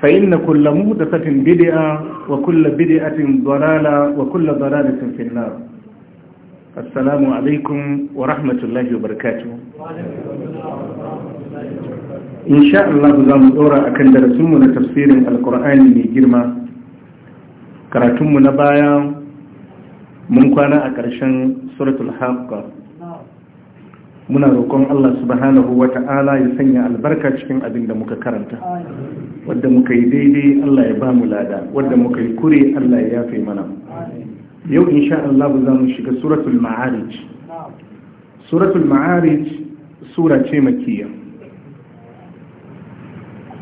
Fa inna kullamu da satin bidi’a wa kulla bidi’atin zorala wa kulla zorala sun fi na assalamu alaikum wa rahmatullahi wa barkatu insha za mu tsora a kan darasinmu na tafsirin alkur'ani mai girma karatunmu na baya mun kwana a ƙarshen suratul haqqa muna rokon Allah subhanahu wa ta'ala ya sanya albarka cikin abin da muka karanta wadda muka yi daidai Allah ya ba mu lada wadda muka yi kure Allah ya yafe mana yau insha Allah za mu shiga suratul ma'arij suratul ma'arij sura ce makiyya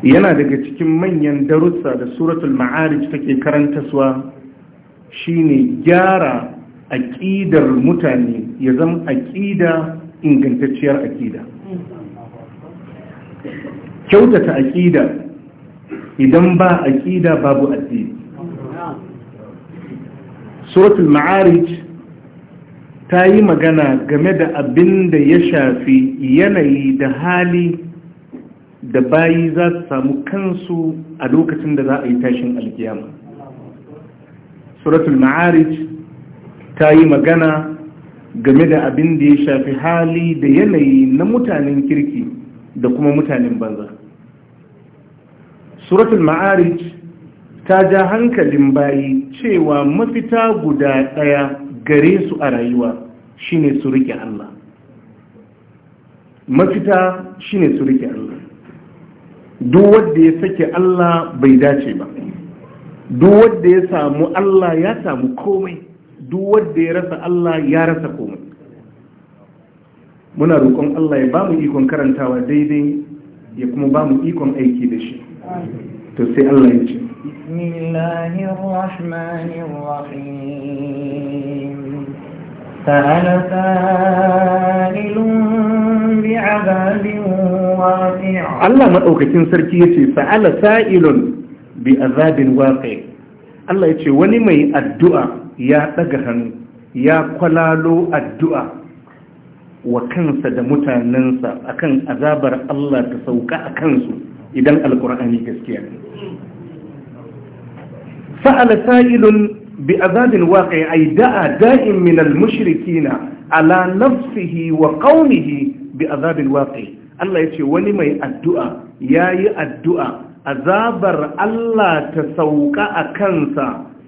yana daga cikin manyan darussa da suratul ma'arij take suwa shine gyara aƙidar mutane ya zama aƙida ingantacciyar aƙida kyautata aƙida idan ba a ƙida babu addini suratul ma'arij ta yi magana game da abin da ya shafi yanayi da hali da bayi za su samu kansu a lokacin da za a yi tashin alkiyama suratul ma'arij ta yi magana game da abin da ya shafi hali da yanayi na mutanen kirki da kuma mutanen banza suratul ma'arij ta ja hankalin bayi cewa mafita guda ɗaya gare su a rayuwa shine su rike Allah mafita shine su rike Allah duk wanda ya sake Allah bai dace ba duk wanda ya samu Allah ya samu komai duk wanda ya rasa Allah ya rasa komai muna roƙon Allah ya bamu ikon karantawa daidai ya kuma bamu ikon aiki da shi to sai Allah ya ce bismillahir rahmanir rahim سأل سائل بعذاب Allah ya ce wani mai addu'a ya ɗaga hannu ya kwalalo addu'a wa kansa da mutanensa akan azabar Allah ta sauka a kansu idan alkur'ani gaskiya ne sa'ala sa'ilun bi azabin waqi ay da'a da'in al-mushrikina ala nafsihi wa qaumihi bi azabin waqi Allah ya ce wani mai addu'a yayi addu'a azabar Allah ta sauƙa a kansa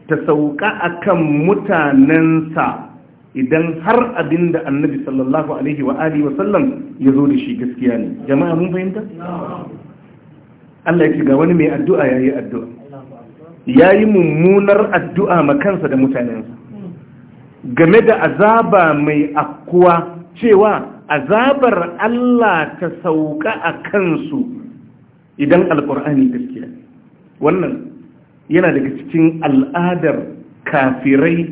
ta sauƙa a kan mutanensa idan har abinda da annabi sallallahu alaihi wa alihi ya zo da shi gaskiya ne jama'a mun fahimta? Allah ya ga wani mai addu'a ya yi addu'a ya yi mummunar addu'a ma kansa da mutanensa game da azaba mai akuwa, cewa azabar Allah ta sauka a kansu idan alkur'ani gaskiya wannan yana daga cikin al'adar kafirai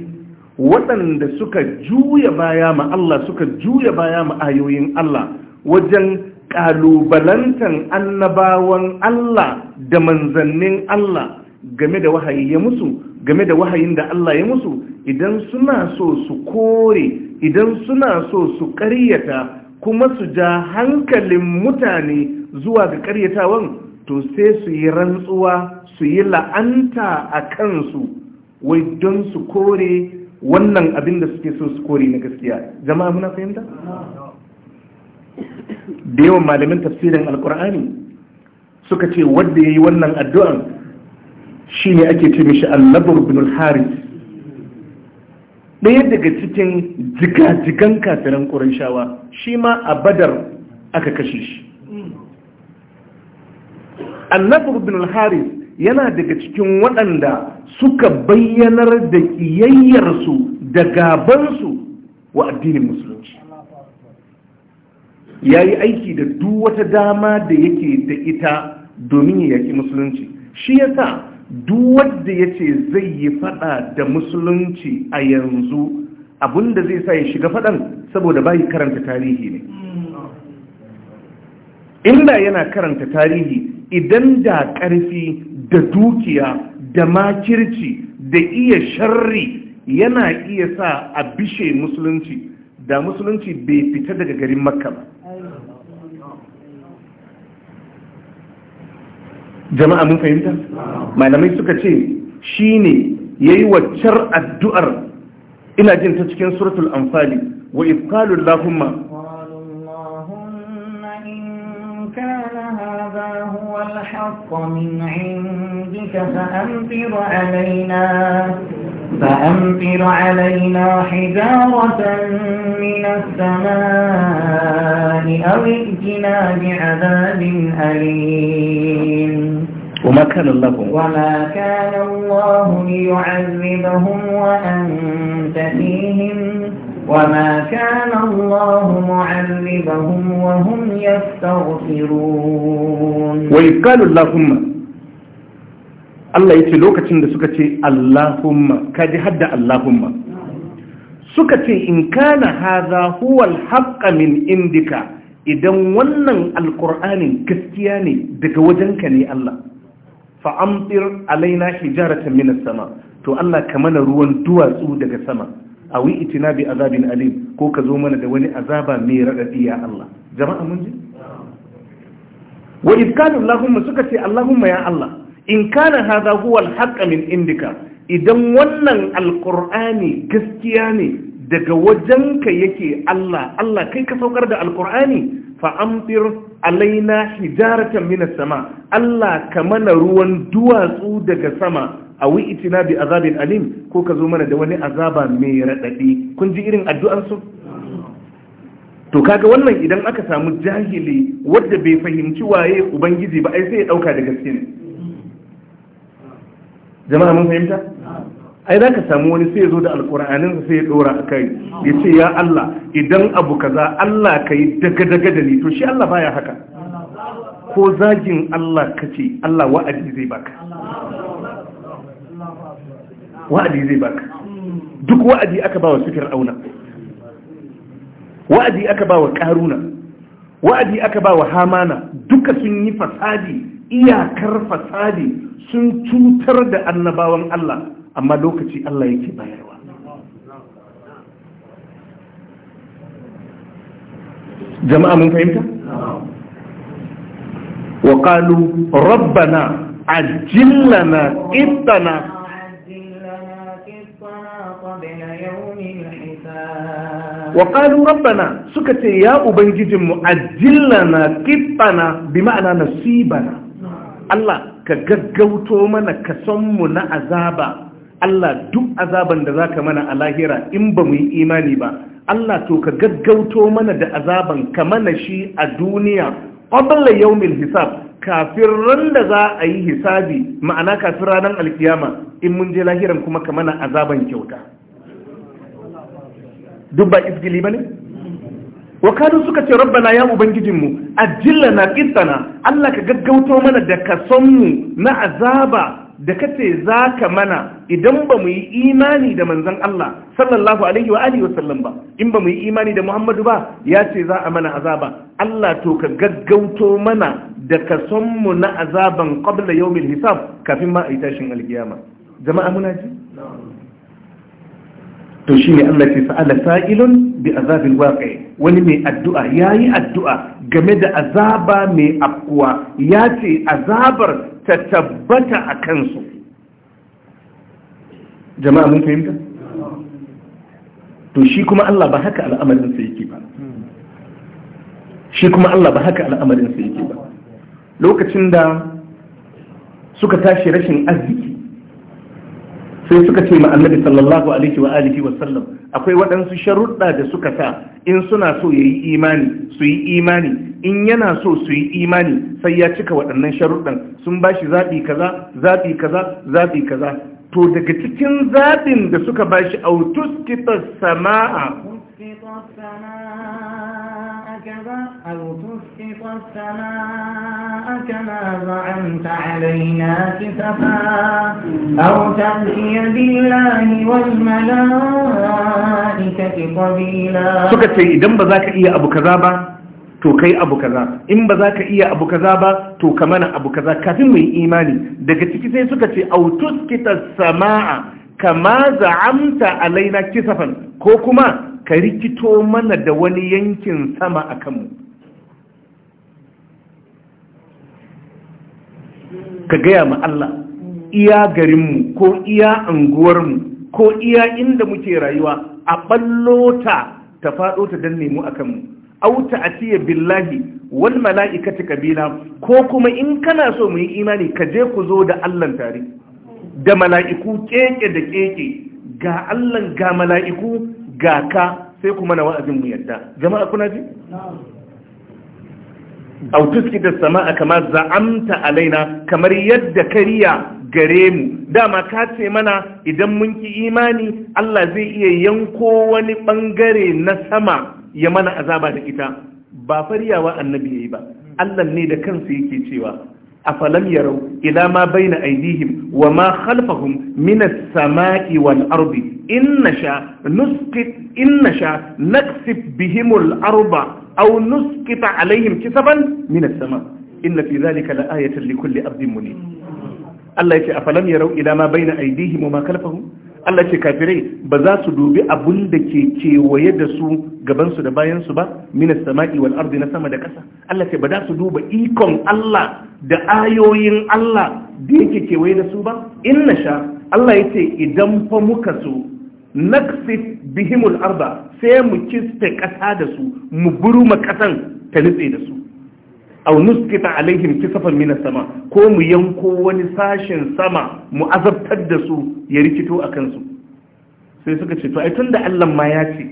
waɗanda suka juya baya ma Allah suka juya baya ma ayoyin Allah wajen ƙalubalantan annabawan Allah da manzannin Allah game da wahayi ya musu game da wahayin da Allah ya musu idan suna so su kore idan suna so su ƙaryata kuma su ja hankalin mutane zuwa ga ƙaryatawan to sai su yi rantsuwa su yi la'anta a kansu wai don su kore wannan abin da suke so su kore na gaskiya jama'a muna fahimta? da yawan malamin tafsirin alkur'ani suka ce wadda ya yi wannan addu'an shi ne ake ce mishi allabar bin haris ɗaya daga cikin jigajigan kafiran shawa, shi ma a badar aka kashe shi allabar bin haris yana daga cikin waɗanda suka bayyanar da ƙiyayyarsu da gabansu wa addinin musulunci ya yi aiki da duk wata dama da yake da ita domin ya yaki musulunci shi ya sa duk wanda ya ce zai yi faɗa da musulunci a yanzu abinda zai sa ya shiga faɗan saboda bayi karanta tarihi ne inda yana karanta tarihi idan da ƙarfi da dukiya da makirci da iya sharri yana iya sa a bishe musulunci da musulunci bai fita daga garin makka ba jama'a mun fahimta malamai suka ce shine yayi waccar addu'ar ina jin ta cikin suratul anfali wa ifqalu allahumma الحق من عندك فأمطر علينا فأمطر علينا حجارة من السماء أو ائتنا بعذاب أليم وما كان الله وما كان الله ليعذبهم وأنت فيهم وما كان الله معذبهم وهم يستغفرون وإذ اللهم Allah ya ce lokacin da suka ce Allahumma kaji hadda Allahumma suka ce in kana haza huwal haqqa indika idan wannan alkur'anin gaskiya ne daga wajenka ne Allah fa'amfir alaina hijarata minas sama to Allah ka mana ruwan duwatsu daga sama awi itina bi azabin alim ko ka zo mana da wani azaba mai radadi ya Allah jama'a mun ji wa idkanu allahumma suka ce allahumma ya Allah in kana hadha huwa alhaq min indika idan wannan alqur'ani gaskiya ne daga wajenka yake Allah Allah kai ka saukar da alqur'ani fa amtir alaina hijaratan minas sama Allah ka mana ruwan duwatsu daga sama a wi itina bi azabin alim ko ka zo mana da wani azaba mai raɗaɗi kun ji irin addu'arsu to kaga wannan idan aka samu jahili wadda bai fahimci waye ubangiji ba ai sai ya ɗauka da gaske ne jama'a mun fahimta ai za ka samu wani sai ya zo da alƙur'aninsa sai ya ɗora a kai ya ce ya Allah idan abu kaza Allah ka yi daga-daga da ni to shi Allah baya haka ko zagin Allah ka ce Allah wa'adi zai baka wa'adi zai baka duk wa'adi aka ba wa auna wa'adi aka ba wa karuna wa'adi aka ba wa hamana duka sun yi fasadi iyakar fasadi sun cutar da annabawan Allah amma lokaci Allah yake bayarwa jama'a mun fahimta? wa qalu rabbana ajillana ittana Waƙalu Rabbala suka ce ya uban gijinmu a dillana kibba na bi ma'ana na C Allah ka gaggauto mana ka san mu na azaba. Allah duk azaban da za ka mana a lahira in ba mu yi imani ba. Allah to ka gaggauto mana da azaban ka mana shi a duniya kuma balne yaumin hisab kafin ran da za a yi hisabi, ma'ana kafin ranar alƙiyama in mun je lahiran kuma ka mana azaban kyauta. duk ba izgili ba ne kadu suka ce rabbana ya ubangijinmu ajilla na kistana Allah ka gaggauto mana da ka mu na azaba da ka ce za ka mana idan ba mu yi imani da manzan Allah sallallahu alaihi wa alihi wasallam ba in ba mu yi imani da Muhammadu ba ya ce za a mana azaba Allah to ka gaggauto mana da ka mu na azaban qabla yawmil hisab kafin ma a yi tashin alkiyama jama'a muna ji to shi ne Allah ce sa'ala sa'ilun bi azabin waƙe wani mai addu'a ya yi addu'a game da azaba mai afkuwa ya ce azabar ta tabbata a kansu jama'a mun fahimta? to shi kuma Allah ba haka al'amarinsa yake ba shi kuma Allah ba haka al'amarinsa yake ba lokacin da suka tashi rashin arziki sai suka ce ma annabi sallallahu alaihi wa alihi wa sallam akwai waɗansu sharuɗa da suka sa in suna so ya yi imani su yi imani in yana so su yi imani sai ya cika waɗannan sharuɗan sun ba shi zaɓi kaza zaɓi kaza zaɓi kaza to daga cikin zaɓin da suka ba shi autuskita sama'a هكذا أو تسقط السماء كما زعمت علينا كسفا أو تأتي بالله والملائكة قبيلا سكت إذن بذاك إيا أبو كذابا to kai abu kaza in ba za ka iya abu kaza ba to ka mana abu kaza kafin mai imani daga ciki sai suka ce autus kita sama'a kama za'amta alaina kisafan ko kuma ka rikito mana da wani yankin sama a kanmu ka gaya ma Allah iya garinmu ko iya anguwarmu ko iya inda muke rayuwa a ɓallota ta faɗo ta danne mu a kanmu auta a ciye billahi wal mala'ikati kabila ko kuma in kana so mu yi imani ka je ku zo da Allah tare da mala'iku keke da keke ga Allah ga mala'iku ga ka sai kuma na wa'azin mu yadda jama'a kuna ji au tuski da sama'a kamar za'amta alaina kamar yadda kariya gare mu dama ka ce mana idan mun ki imani Allah zai iya yanko wani bangare na sama ya mana azaba da ita ba faryawa annabi yayi ba Allah ne da kansa yake cewa afalam yarau ila ma baina aydihim wa ma khalfahum min as-sama'i wal ardi in nasha nusqit in nasha naksib bihimul arba aw nusqita alaihim kisaban min as-sama inna fi dhalika la ayatan li kulli abdin munib Allah yace afalam yarau ila ma baina aydihim wa ma khalfahum Allah ce kafirai ba za su dubi abun da ke kewaye da su gabansu da bayansu ba minas sama'i wal ardi na sama da ƙasa Allah ce ba za su duba ikon Allah da ayoyin Allah da yake kewaye da su ba in na sha Allah ya ce idan fa muka so naksif bihimul arba sai mu kiste ƙasa da su mu burma ƙasan ta nutse da su aw nuskita alaihim kisafan minas sama ko mu yanko wani sashen sama mu azabtar da su ya rikito a kansu sai suka ce to ai tunda Allah ma ya ce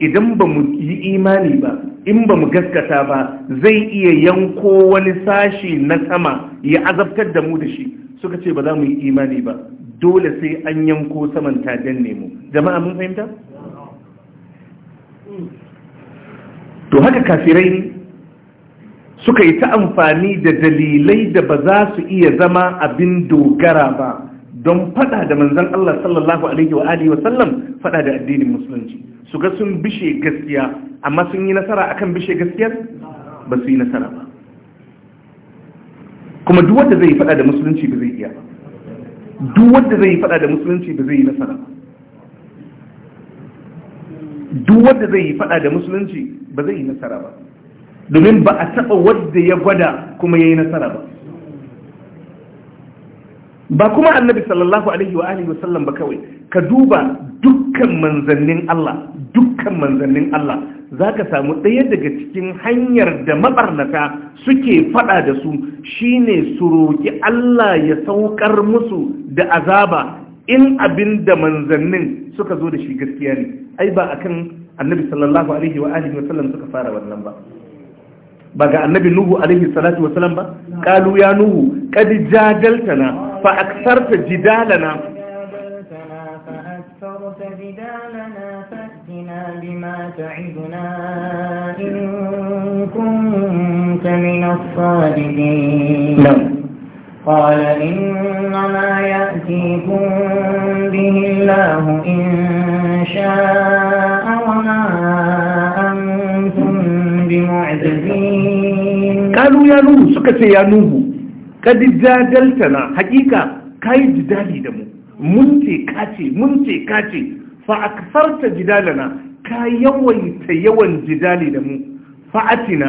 idan ba mu yi imani ba in ba mu gaskata ba zai iya yanko wani sashi na sama ya azabtar da mu da shi suka ce ba za mu yi imani ba dole sai an yanko saman tajen nemo jama'a mun fahimta to haka kafirai suka yi ta amfani da dalilai da ba za su iya zama abin dogara ba don fada da manzan Allah sallallahu alaihi wa alihi wasallam fada da addinin musulunci su ga sun bishe gaskiya amma sun yi nasara akan bishe gaskiyar ba su yi nasara ba kuma duk wanda zai faɗa da musulunci ba zai iya duk wanda zai faɗa da musulunci ba zai yi nasara duk wanda zai yi faɗa da musulunci ba zai yi nasara ba domin ba a taɓa wanda ya gwada kuma ya yi nasara ba ba kuma annabi sallallahu alaihi wa alihi wasallam ba kawai ka duba dukkan manzannin Allah dukkan manzannin Allah za ka samu ɗaya daga cikin hanyar da mabarnata suke faɗa da su shine su roƙi Allah ya saukar musu da azaba in abin da manzannin suka zo da shi gaskiya ne ai ba akan annabi sallallahu alaihi wa alihi wasallam suka fara wannan ba ba ga annabi nuhu alaihi salatu wasallam ba kalu ya nuhu qad jadaltana fa aktharta jidalana تعدنا إن كنت من الصادقين قال إنما يأتيكم به الله إن شاء وما أنتم بمعجزين قالوا يا نوح سكت يا نوح قد جادلتنا حقيقة كاي جدالي دمو منتي كاتي منتي كاتي فأكثرت جدالنا ka yawaita yawan jidali da mu fa'atina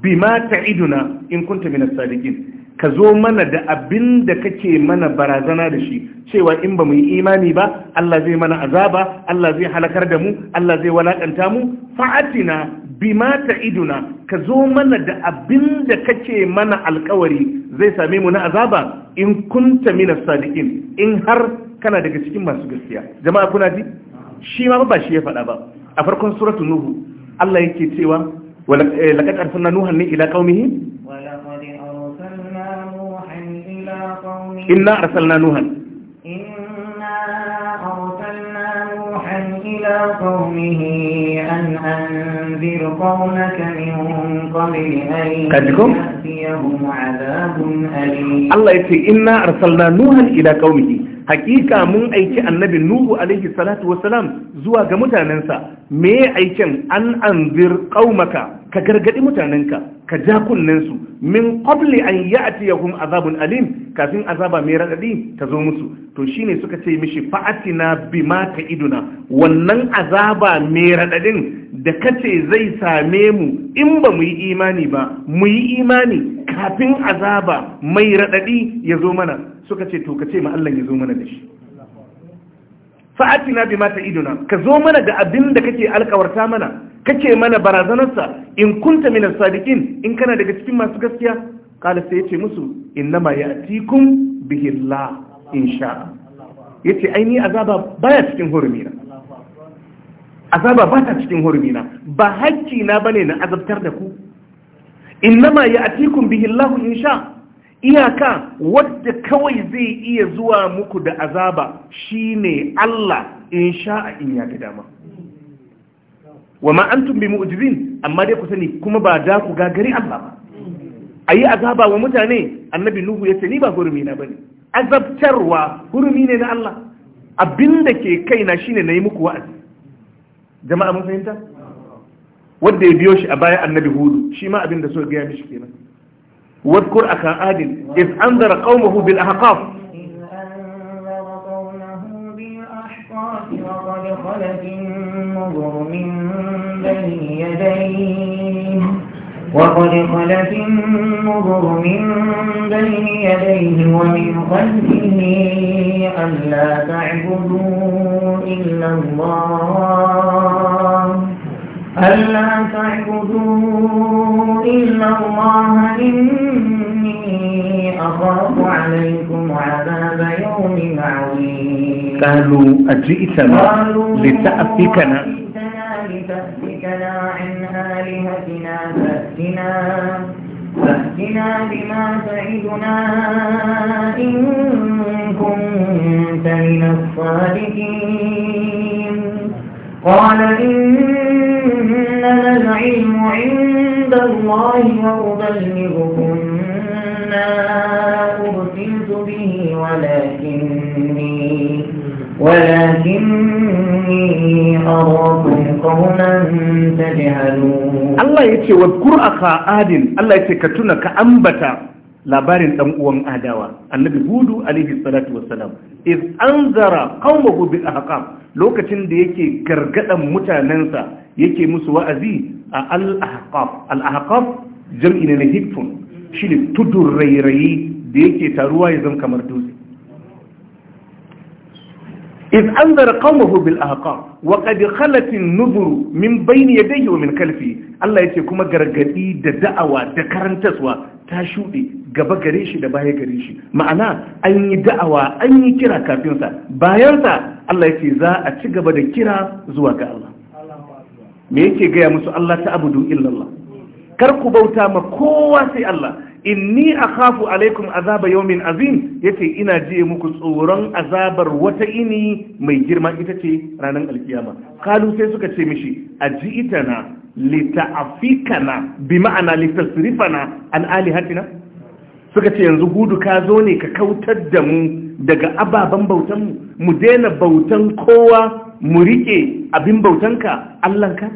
bima ta'iduna in kunta minas sadiqin ka zo mana da abin da kake mana barazana da shi cewa in ba mu yi imani ba Allah zai mana azaba Allah zai halakar da mu Allah zai walakanta mu fa'atina bima ta'iduna ka zo mana da abin da kake mana alkawari zai same mu na azaba in kunta mina sadiqin in har kana daga cikin masu gaskiya jama'a kuna ji shi ma ba shi ya faɗa ba a farkon suratun nuhu Allah yake cewa eh, laqad arsalna nuhan ne ila qaumihi inna arsalna nuhan إلى قومه أن أنذر قومك من قبل أن يأتيهم عذاب hakika mun aiki annabi nuhu alaihi salatu salam zuwa ga mutanensa me aikin an anzir qaumaka ka gargadi mutanenka ka ja su. min qabli an ya'tiyahum azabun alim kafin azaba mai radadi ta zo musu to shine suka ce mishi fa'atina bima ta ta'iduna wannan azaba mai radadin da kace zai same mu in ba mu yi imani ba mu yi imani kafin azaba mai radadi ya zo mana suka ce to ka ce ma Allah ya zo mana da shi fa'atina bima ta'iduna ka zo mana da abin da kake alkawarta mana kake mana barazanarsa in kunta minas sadiqin in kana daga cikin masu gaskiya kala sai yace musu innama ya'tikum Allah insha yace ai ni azaba baya cikin na azaba ba ta cikin na? ba hakki na bane na azabtar da ku innama ya'tikum in insha iyaka wadda kawai zai iya zuwa muku da azaba shine Allah in sha'a in ya dama wa ma antum bi mu'jizin amma dai ku sani kuma ba da ku gagari Allah ba ayi azaba wa mutane annabi nuhu yace ni ba hurumi na bane azabtarwa hurumi ne na Allah abinda ke kai kaina shine nayi muku wa'azi jama'a mun fahimta wanda ya biyo shi a baya annabi hudu shi ma abinda so ga ya mishi kenan واذكر أخا عاد إذ أنذر قومه بالأحقاف وقد خلت النظر من بين يديه وقد خلت من بين يديه ومن خلفه ألا تعبدوا إلا الله ألا تعبدوا إلا الله إني أخاف عليكم عذاب يوم عظيم قالوا أجئتنا لتأفكنا لتأفكنا عن آلهتنا فأتنا فأتنا بما تعدنا إن كنت من الصادقين قال إنما العلم عند الله وأبلغكم ما أرسلت به ولكني ولكني أراكم قوما تجهلون الله يتي واذكر أخا آدم الله يتي كتنك أنبتا labarin أم uwan النبي هود عليه الصلاة والسلام iz anzara qaumahu bil ahqam lokacin da yake gargadan mutanensa yake musu wa'azi a al ahqaf al ahqaf jam'i ne hikfun tudur rairayi da yake taruwa ya zama kamar dutse iz anzara qaumahu bil ahqam wa qad khalat an-nuzur min bayni yadayhi wa min khalfihi Allah yace kuma gargadi da da'awa da karantaswa ta shuɗe gaba gare shi da baya gare shi ma'ana an yi da'awa an yi kira kafinsa bayansa Allah ya ce za a ci gaba da kira zuwa ga Allah me yake gaya musu Allah ta abudu illallah kar ku bauta ma kowa sai Allah inni akhafu alaikum azaba yawmin azim yace ina jiye muku tsoron azabar wata ini mai girma ita ce ranar alkiyama kalu sai suka ce mishi na. lita'afikana bi ma'ana litasrifana an alihatina suka ce yanzu gudu ka zo ne ka kautar da mu daga ababen bautan mu mu daina bautan kowa mu rike abin bautanka Allahnka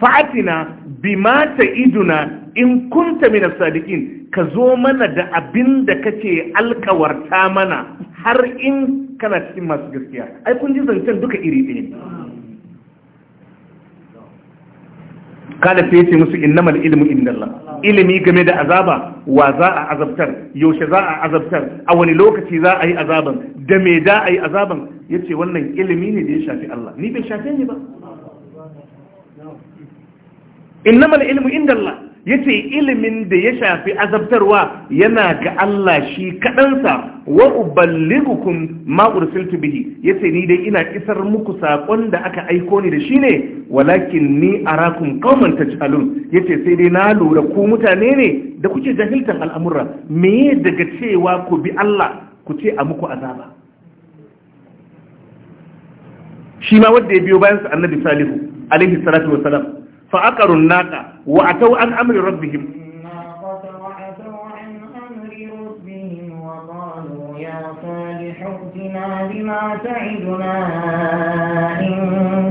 fa'atina bima ta'iduna in kunta min sadiqin ka zo mana da abin da kace alkawarta mana har in kana cikin masu gaskiya ai kun ji zancen duka iri ɗaya kada sai ce musu innamal ilmu indallah ilimi game da azaba wa za a azabtar yaushe za a azabtar a wani lokaci za a yi azaban da me da a yi azaban yace wannan ilimi ne da ya shafi Allah ni bai shafe ni ba innamal ilmu indallah yace ilimin da ya shafi azabtarwa yana ga Allah shi kaɗansa wa uballigukum ma ursiltu bihi yace ni dai ina isar muku saƙon da aka aiko ni da shi ne walakin ni arakum qauman tajhalun yace sai dai na lura ku mutane ne da kuke jahiltan al'amura me daga cewa ku bi Allah ku ce a muku azaba shi ma wanda ya biyo bayan sa annabi salihu alaihi salatu wasalam فعقروا الناقة وأتوا عن أمر ربهم بما تعدنا إن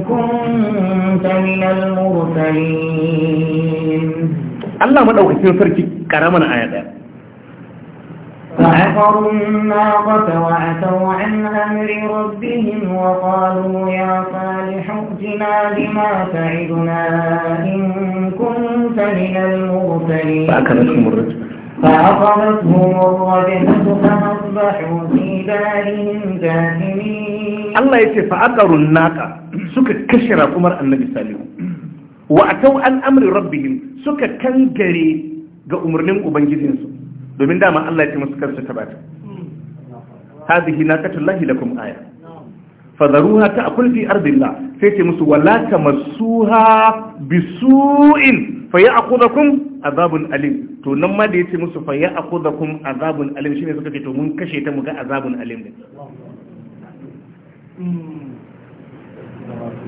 كنت من المرسلين الله ما أوكي سنفرك كرامنا آيات فعقروا الناقة وعتوا عن أمر ربهم وقالوا يا صالح ائتنا بما تعدنا إن كنت من المرسلين فأكلتهم الرجفة فأخذتهم الرجفة فأصبحوا في دارهم جاثمين الله يقول فعقروا الناقة سكة كشرة عمر النبي صلى وأتوا عن أمر ربهم سكة كنجري ga umarnin ubangijinsu domin dama Allah ya ce masu kansa ta bata lahi da kuma aya fadaruha ta'kul fi ardillah sai ce musu wala tamassuha bisu'in fayaqudakum azabun alim to nan ma da ce musu akudakun azabun alim ne suka ce to mun kashe ta muga azabun alim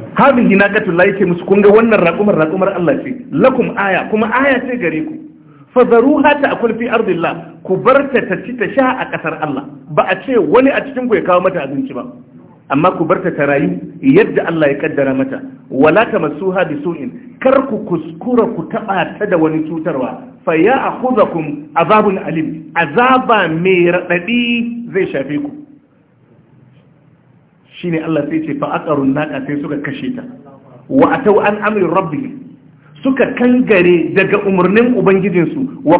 din katun lahi ce musu kun ga wannan raƙumar raƙumar Allah ce lakum aya kuma aya ce gare ku fadaruha a akul fi ku barta ta ci ta sha a ƙasar Allah ba a ce wani a cikin ku ya kawo mata abinci ba amma ku barta ta rayu yadda Allah ya ƙaddara mata wala tamassuha bi su'in kar ku kuskura ku taɓa ta da wani cutarwa fa ya akhudakum azabun alim azaba mai radadi zai shafe ku shine Allah sai ce fa aqarun naqa sai suka kashe ta wa atau an amri rabbihim suka kangare daga umarnin ubangijinsu wa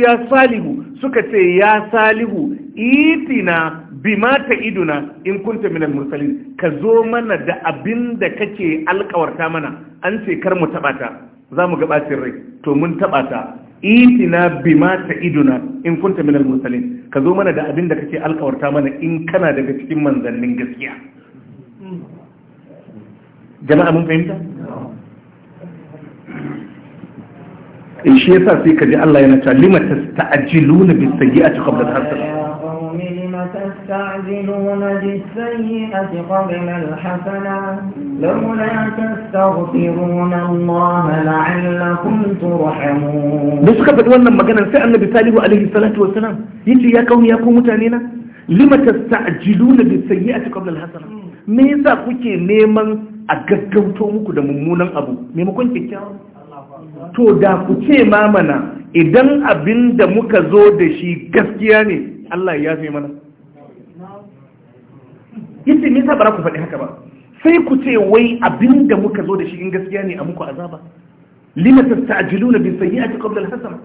ya salihu suka ce ya salihu itina bima ta iduna in kunta minal mursalin ka zo mana da abin da kake alkawarta mana an ce kar mu taba ta za mu cin rai to mun taba ta itina bima ta iduna in kunta minal mursalin ka zo mana da abin da kake alkawarta mana in kana daga cikin manzannin gaskiya hmm. jama'a in eh, shi yasa sai ka ji Allah yana ta lima tasta'jiluna bis sayyi'ati qabla al-hasanah تستعجلون بالسيئة قبل الحسنة لولا تستغفرون الله لعلكم ترحمون da suka faɗi wannan maganar sai annabi salihu alaihi salatu wasalam yace ya kauni ya ku mutane na lima tasta'jiluna bis sayyi'ati qabla al hasana hmm. me yasa kuke neman a gaggauto muku da mummunan abu maimakon kyakkyawa to da ku ce mamana idan abin da muka zo da shi gaskiya ne Allah ya fi mana yadda me za ku faɗi haka ba sai ku ce wai abin da muka zo da shi in gaskiya ne a muku azaba lima tasta'jiluna bi sayyi'ati qabla al-hasana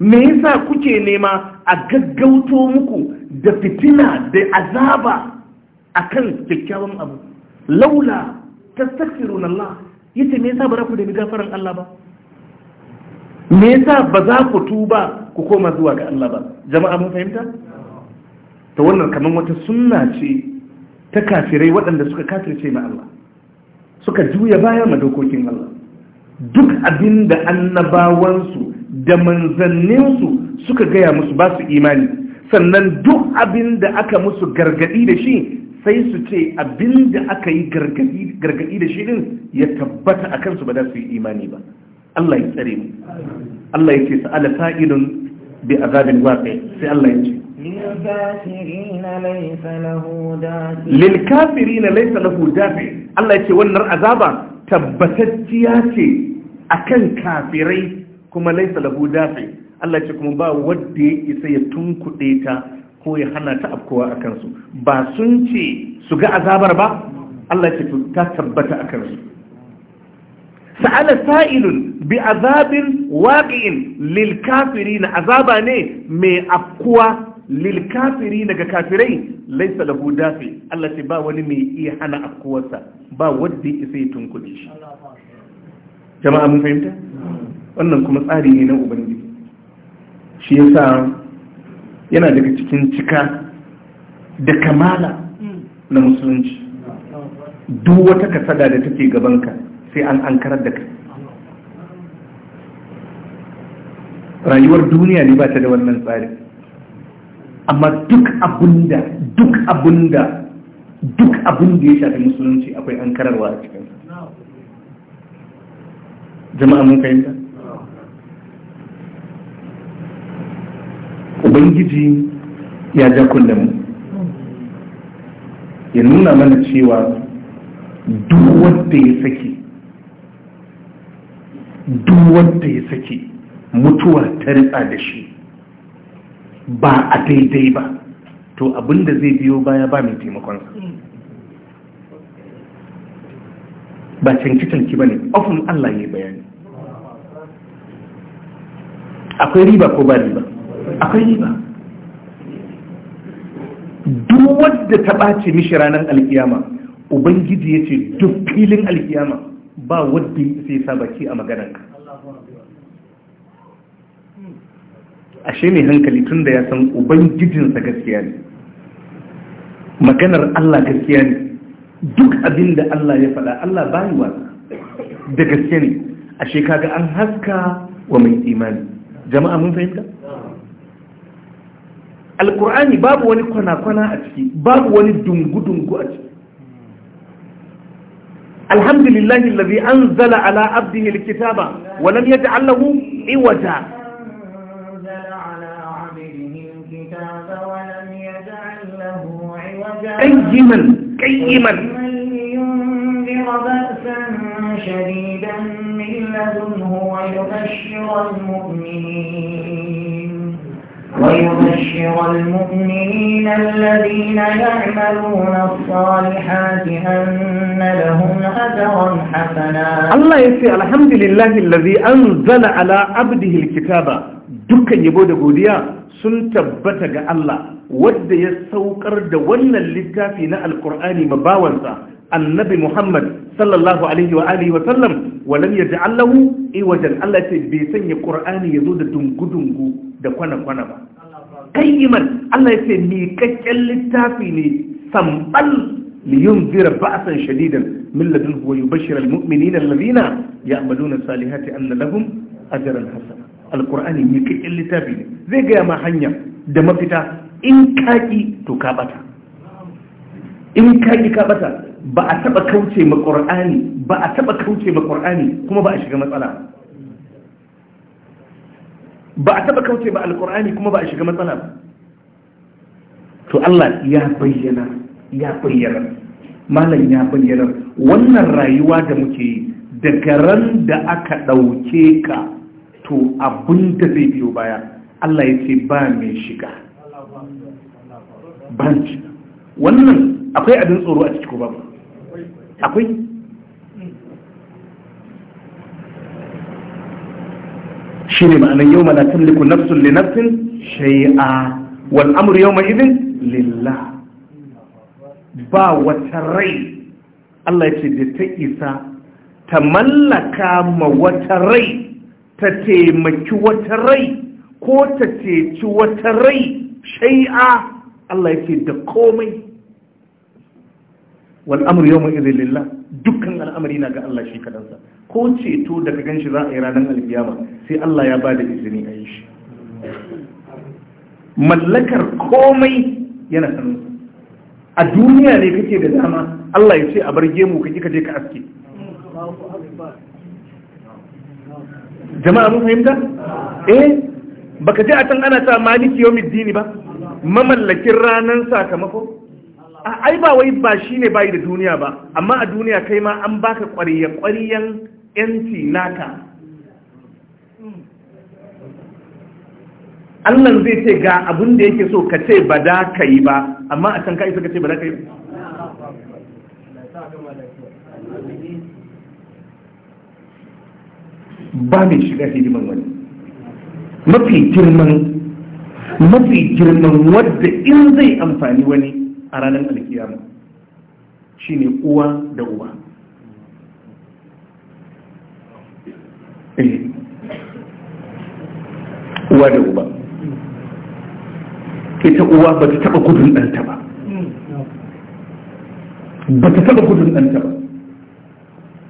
me yasa kuke nema a gaggauto muku da fitina da azaba akan kyakkyawan abu laula tastaghfiruna Allah yace me yasa ba za ku nemi gafaran Allah ba me yasa ba za ku tuba ku koma zuwa ga Allah ba jama'a mun fahimta to wannan kaman wata sunna ce ta kafirai waɗanda suka kafirce ma Allah suka juya baya ma dokokin Allah duk abinda annabawansu da manzanninsu suka gaya musu ba su imani sannan duk abin da aka musu gargadi da shi sai su ce abinda aka yi gargadi da shi din ya tabbata a kansu ba za su yi imani ba Allah ya tsare mu Allah ya ce sa'ala fa'ilun bi azabin waqi sai Allah ya ce lil kafirin laysa lahu dafi Allah ya ce wannan azaba tabbatacciya ce akan kafirai kuma laysa lahu dafi Allah ya ce kuma ba wanda ya isa ya tunkude ta ko ya hana ta afkowa a kansu ba sun ce su ga azabar ba Allah ce ta tabbata a kansu sa'ala sa'ilun bi azabin waqi'in lil na azaba ne mai afkuwa lil kafirin daga kafirai laisa lahu dafi Allah ce ba wani mai iya hana afkuwarsa ba wanda yake sai tunkuɗe shi jama'a mun fahimta wannan kuma tsari ne na ubangiji shi yasa yana daga cikin cika da kamala na musulunci duk wata kasada da take gabanka sai an an da kai rayuwar duniya ne ba ta da wannan tsari amma duk abunda, duk abunda, duk abunda ya shafi musulunci akwai an a cikin jama'a mun fahimta ubangiji ya ja kullum ya nuna mana cewa duk wanda ya saki duk wanda ya sake mutuwa ta ritsa da shi ba a daidai ba to abinda zai biyo baya ba mai taimakonsa ba canki-canki ba ne ofin allah ya bayani akwai riba ko ba riba akwai riba duk wadda ta ɓace mishi ranar alkiyama ubangiji ya ce duk filin alkiyama ba wadda sai sa baki a maganarka ashe ne hankali tun da ya san ubangijinsa gaskiya ne maganar Allah gaskiya ne duk abin da Allah ya faɗa Allah bayi wasa da gaskiya ne ashe kaga an haska wa mai imani jama'a mun fahimta alkur'ani babu wani kwana-kwana a ciki babu wani dungu-dungu a ciki alhamdulillahi lalazi an zala ala abdihi likitaba walam yadda allahu iwata قيما قيما لينذر بأسا شديدا من لدنه ويبشر المؤمنين ويبشر المؤمنين الذين يعملون الصالحات أن لهم أجرا حسنا الله يسي الحمد لله الذي أنزل على عبده الكتاب dukkan yabo da godiya sun tabbata ga Allah wadda ya saukar da wannan littafi na alkur'ani mabawansa annabi Muhammad sallallahu alaihi wa alihi wa sallam walam yaj'al lahu iwajan Allah ce bai sanya ya zo da dungudungu da kwana kwana ba qayyiman Allah ya ce mi littafi ne sambal liyun zira ba'asan shadidan min ladun huwa yubashshir almu'minina alladhina ya'maluna salihati anna lahum ajran hasana alqur'ani mi kakken littafi ne zai ga ma hanya da mafita in kaki to ka bata in kaki ka bata ba a taba kauce ma qur'ani ba a taba kauce ma qur'ani kuma ba a shiga matsala ba a taba kauce ba alkur'ani kuma ba a shiga matsala ba to Allah ya bayyana ya bayyana malam ya bayyana wannan rayuwa da muke yi daga ran da aka ɗauke ka to abin da zai biyo baya Allah ya ce ba mai shiga ba wannan akwai abin tsoro a ciki ko babu akwai shi ne ma'anar yau mana tamliku nafsun li shai'a wal amru yau idin lillah ba wata rai Allah ce da ta isa ta mallaka ma wata rai ta taimaki wata rai ko ta ceci wata rai shai'a Allah ya ce da komai wal amru yawma idhi lillah dukkan al'amari na ga Allah shi kadansa ko ce to daga ganshi za a yi ranar alkiyama sai Allah ya bada izini a yi shi mallakar komai yana sanu a duniya ne kake da dama Allah ya ce a bar gemu kake kaje ka aske jama'a mun fahimta eh baka je a can ana ta maliki dini ba mamallakin ranan sakamako ai ba wai ba shine bai da duniya ba amma a duniya kai ma an baka ƙwariya ƙwariyan yanci naka Allah zai ce ga abin da yake so ka ce ba da ka yi ba amma a can ka isa ka ce ba da ka yi ba ba mai shiga hidiman wani mafi girman mafi girman wadda in zai amfani wani a ranar alkiyama ne uwa da uwa. Eh. uwa da uba ita uwa ba ta taba gudun ɗanta ba ba ta taba gudun ɗanta ba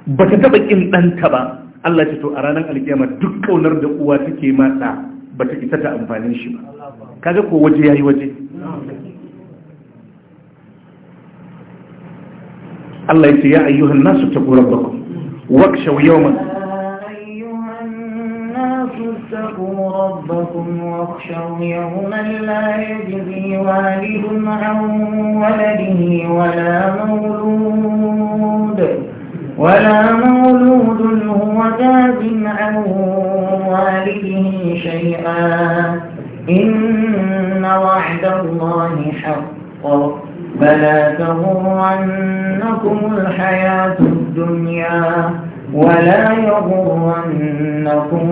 ba ta taba ƙin ɗanta ba Allah ce to a ranar alkiyama duk ƙaunar da uwa take mata ba ta isa ta amfanin shi ba kaga ko waje yayi waje الله يقول يا أيها الناس اتقوا ربكم واكشوا يوما يا أيها الناس اتقوا ربكم واخشوا يوما لا يجزي والد عن ولده ولا مولود ولا مولود هو جاز عن والده شيئا إن وعد الله حق فلا تغرنكم الحياة الدنيا ولا يغرنكم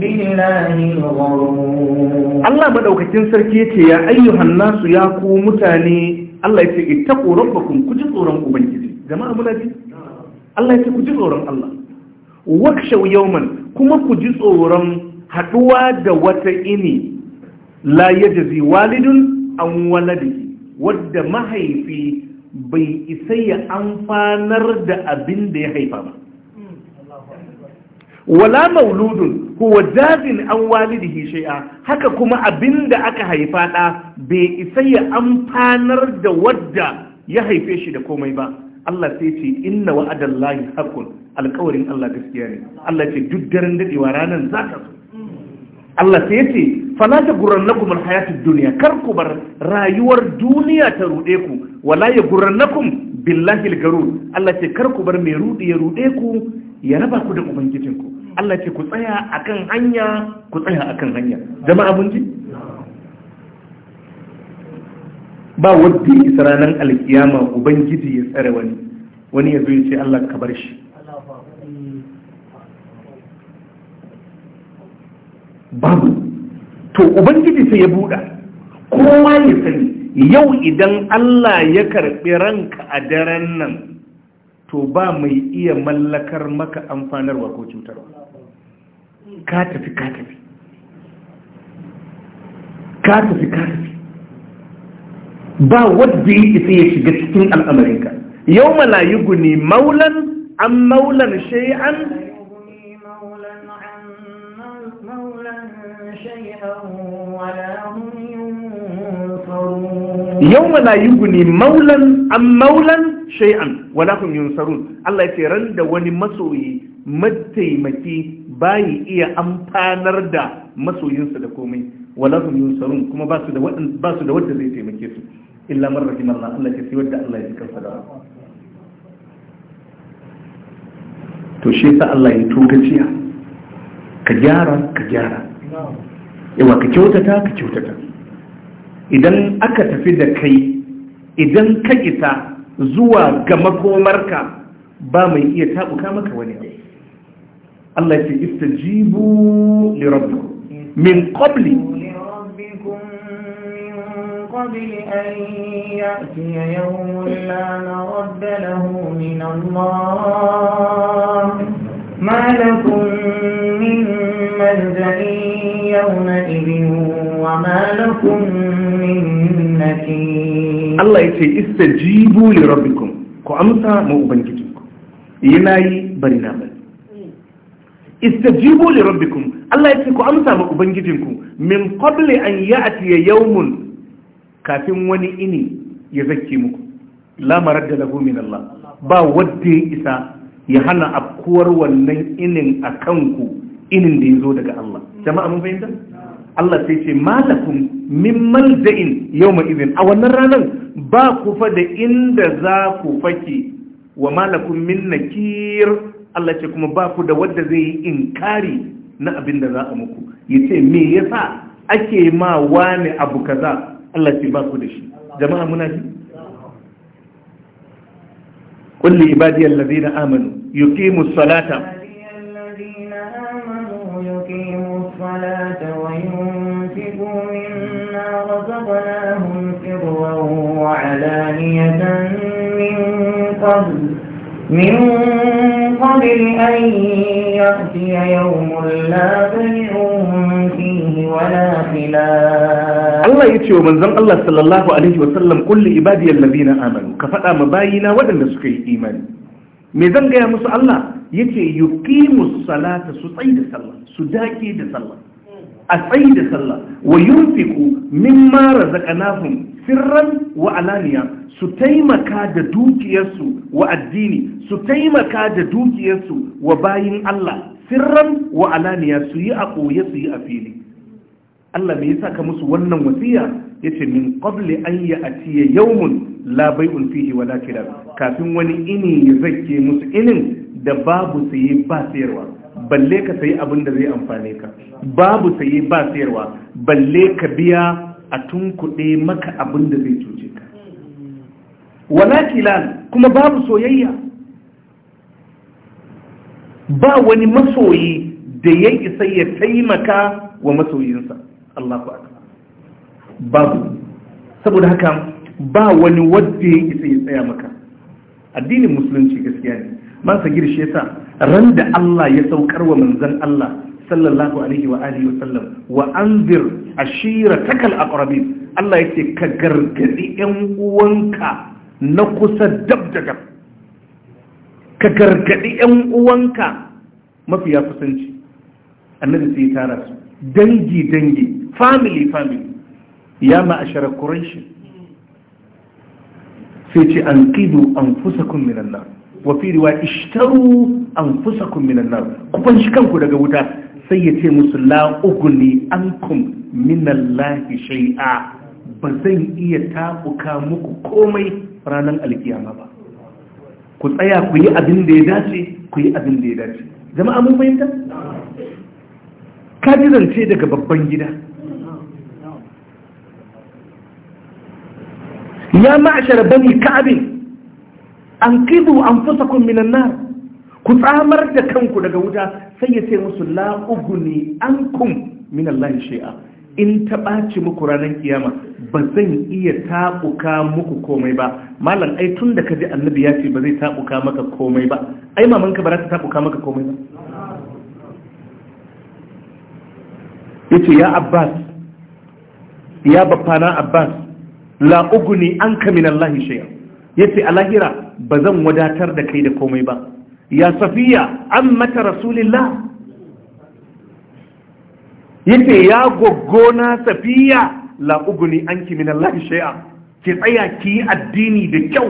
بالله الغرور الله مدوكتين سركيتي يا أيها الناس يا كو متاني Allah ya ce ittaqu rabbakum ku ji tsoron ubangiji jama'a muna ji Allah ya ce ku tsoron Allah wakshaw yawman kuma ku tsoron haɗuwa da wata ini la yajzi walidun an waladihi wadda mahaifi bai isa ya amfanar da abin da ya haifa ba wala mauludun kuwa jazin an walidihi shay'a haka kuma abin da aka haifa ɗa bai isa ya amfanar da wadda ya haife shi da komai ba Allah sai ce inna wa'adallahi hakun alƙawarin Allah gaskiya ne Allah ce duk daren ranar ranan ka so Allah sai yace fala taghurrannakum alhayatud duniya, kar ku bar rayuwar duniya ta rude ku wala ya yaghurrannakum billahi algarur Allah ce kar ku bar mai rude ya rude ku ya raba ku da ku Allah ce ku tsaya akan hanya ku tsaya akan hanya jama'a mun ji ba wadda isa ranar alkiyama ubangiji ya tsare wani wani ya zo ya ce Allah ka bar shi babu to ubangiji sai ya buɗa kowa ya sani yau idan Allah ya karɓi ranka a daren nan to ba mai iya mallakar maka amfanarwa ko cutarwa ka tafi ka tafi ka tafi ka tafi ba wadda ya isa ya shiga cikin al'amarinka yau malayi guni maulan an maulan shay'an yawma ولا yi guni يوم maulan يغني Wala عن مولا شيئا ولا هم ينصرون الله da wani masoyi mataimaki bayi iya amfanar da masoyinsa da komai wala hum yunsarun kuma ba su da wadan ba su da wanda zai taimake su illa man rahimallah Allah ya ce wanda Allah ya kansa da to shi sa Allah ya tokaciya ka gyara ka gyara yawa ka kyautata ka kyautata idan aka tafi da kai idan ka isa zuwa ga makomarka ba mai iya tabuka maka wani abu Allah ya ce istajibu li rabbikum min qabli qabli an يأتي yawmun ملجأ يومئذ وما لكم من نكير الله يتي استجيبوا لربكم كأمسا موبن كتنكم يناي برنا بل استجيبوا لربكم الله يتي كأمسا موبن من قبل أن يأتي يوم ya ونئني يزكي مكم la maradda lahu min Allah ba wadda ya isa ya hana afkuwar wannan inin a kanku inin da ya zo daga Allah jama'a mun fahimta Allah sai ce malakum min malja'in yawma izin. a wannan ranar ba ku fa da inda za ku fake wa malakum min nakir Allah ce kuma ba ku da wadda zai yi inkari na abin da za a muku yace me yasa ake ma wani abu kaza Allah ce ba ku da shi jama'a muna ji kulli ibadiyal ladina amanu yuqimus salata من قبل أن يأتي يوم لا بيع فيه ولا خلال الله يتي ومنزل الله صلى الله عليه وسلم كل عبادي الذين آمنوا كفتا مباينا ودن سكي إيمان ميزان يا مسأل الله يتي يقيم الصلاة سطعي دسالة سداكي دسالة a tsayi da sallah wa yunfiku mimma razaqnahum sirran wa alaniya su taimaka da dukiyarsu wa addini su taimaka da dukiyarsu wa bayin Allah sirran wa alaniya su yi a ɓoye su yi a fili Allah me yasa ka musu wannan wasiya yace min qabli an ya'tiya yawmun la bay'un fihi wala kira kafin wani ini ya zakke musu inin da babu saye ba sayarwa balle ka sayi abin da zai amfane ka babu saye ba sayarwa balle ka biya a tun kuɗe maka abin da zai cuce ka wala kilan kuma babu soyayya ba wani masoyi da ya isa ya taimaka wa masoyinsa Allah ku babu saboda haka ba wani wadda ya isa ya tsaya maka addinin musulunci gaskiya ne masa sagir shi yasa ran da Allah ya saukar wa manzon Allah sallallahu alaihi wa alihi wa sallam wa anzir ashiratakal aqrabin Allah yake ka gargadi yan uwanka na kusa dab da dab ka gargadi yan uwanka mafiya kusanci annabi sai tara su dangi dangi family family ya ma'ashara quraish sai ce an qidu anfusakum minan nar wa fi riwa ishtaru anfusakum minan nar ku fanshi kanku daga wuta sai ya ce musu la ugni ankum minallahi shay'a ba zan iya tabuka muku komai ranar alkiyama ba ku tsaya ku yi abin da ya dace ku yi abin da ya dace jama'a mun fahimta ka ji zance daga babban gida ya ma'ashar bani ka'abin an kidu an fusakun minan nan, ku tsamar da kanku daga wuta sai ya ce musu la'uguni an kun min Allah shi'a in ta ɓaci muku ranar kiyama ba zan iya taɓuka muku komai ba malam ai tun da ka ji annabi ya ce ba zai taɓuka maka komai ba ai ka ba za ta taɓuka maka komai ba ya ce ya abbas ya na abbas la'uguni uguni an ka min Allah yace a lahira ba zan wadatar da kai da komai ba ya safiya an mata rasulillah ce ya goggona safiya la'uguni an anki min Allah shay'a ki tsaya ki yi addini da kyau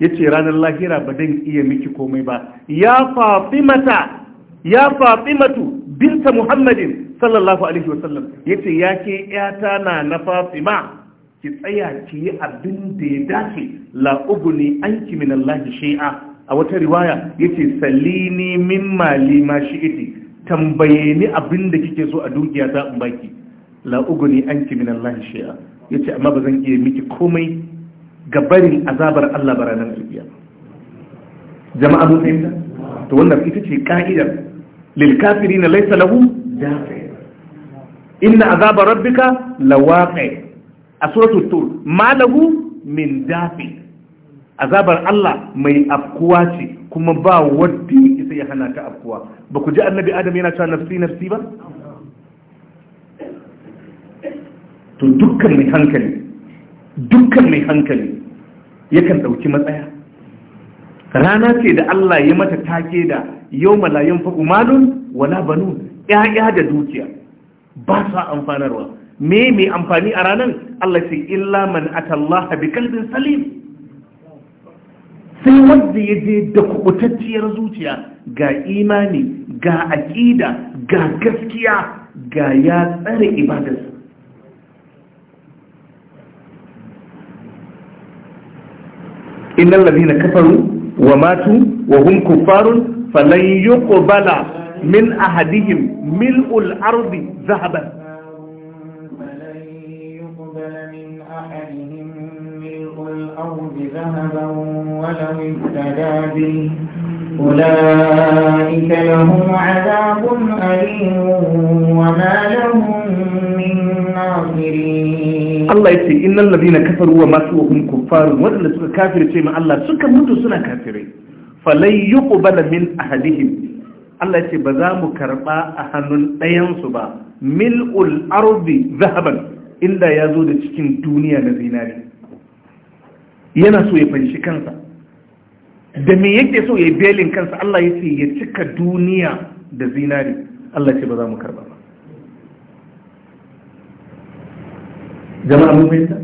yace ranar lahira ba zan iya miki komai ba ya fafi mata ya fafi matu binta muhammadin sallallahu alaihi wasallam yace yake yata na na ma. ki tsaya ki yi abin da ya dace la uguni anki min Allah shi'a a wata riwaya yace sallini min mali ma shi'iti tambaye ni abin da kike so a dukiya ta in baki la uguni anki min Allah shay'a yace amma bazan iya miki komai ga azabar Allah baranan albiya jama'a mun fahimta to wannan ita ce ka'idar lil kafirin laysa lahum dafi inna azaba rabbika lawaqi' a suratul tur malahu min dafi azabar Allah mai afkuwa ce kuma ba wadda isa ya hana ta afkuwa ba ku ji annabi adam yana cewa nafsi nafsi ba to dukkan mai hankali dukkan mai hankali yakan ɗauki matsaya rana ce da Allah ya mata take da yau malayin fa'umalun wala banu ‘ya'ya da dukiya ba sa amfanarwa me mai amfani a ranar Allah ce illa man atallaha bi kalbin salim sai wanda ya je da kubutacciyar zuciya ga imani ga aƙida ga gaskiya ga ya tsare ibadarsa innal ladina kafaru wa matu wa hum kuffarun falan yuqbala min ahadihim mil'ul ardi zahaban ذهبا ولو افتدى به أولئك لهم عذاب أليم وما لهم من ناصرين Allah ya ce innan ladina kafaru wa masu wahun kuffarun waɗanda suka kafirce ce Allah suka mutu suna kafirai falai yi kubala min ahadihim Allah ya ce ba za mu karɓa a hannun ɗayansu ba mil'ul arzi zahaban inda ya zo da cikin duniya na zinari yana so ya fanshi kansa da me yake so ya yi belin kansa Allah ya ce ya cika duniya da zinari Allah ce ba za mu karba ba jama'a mun ma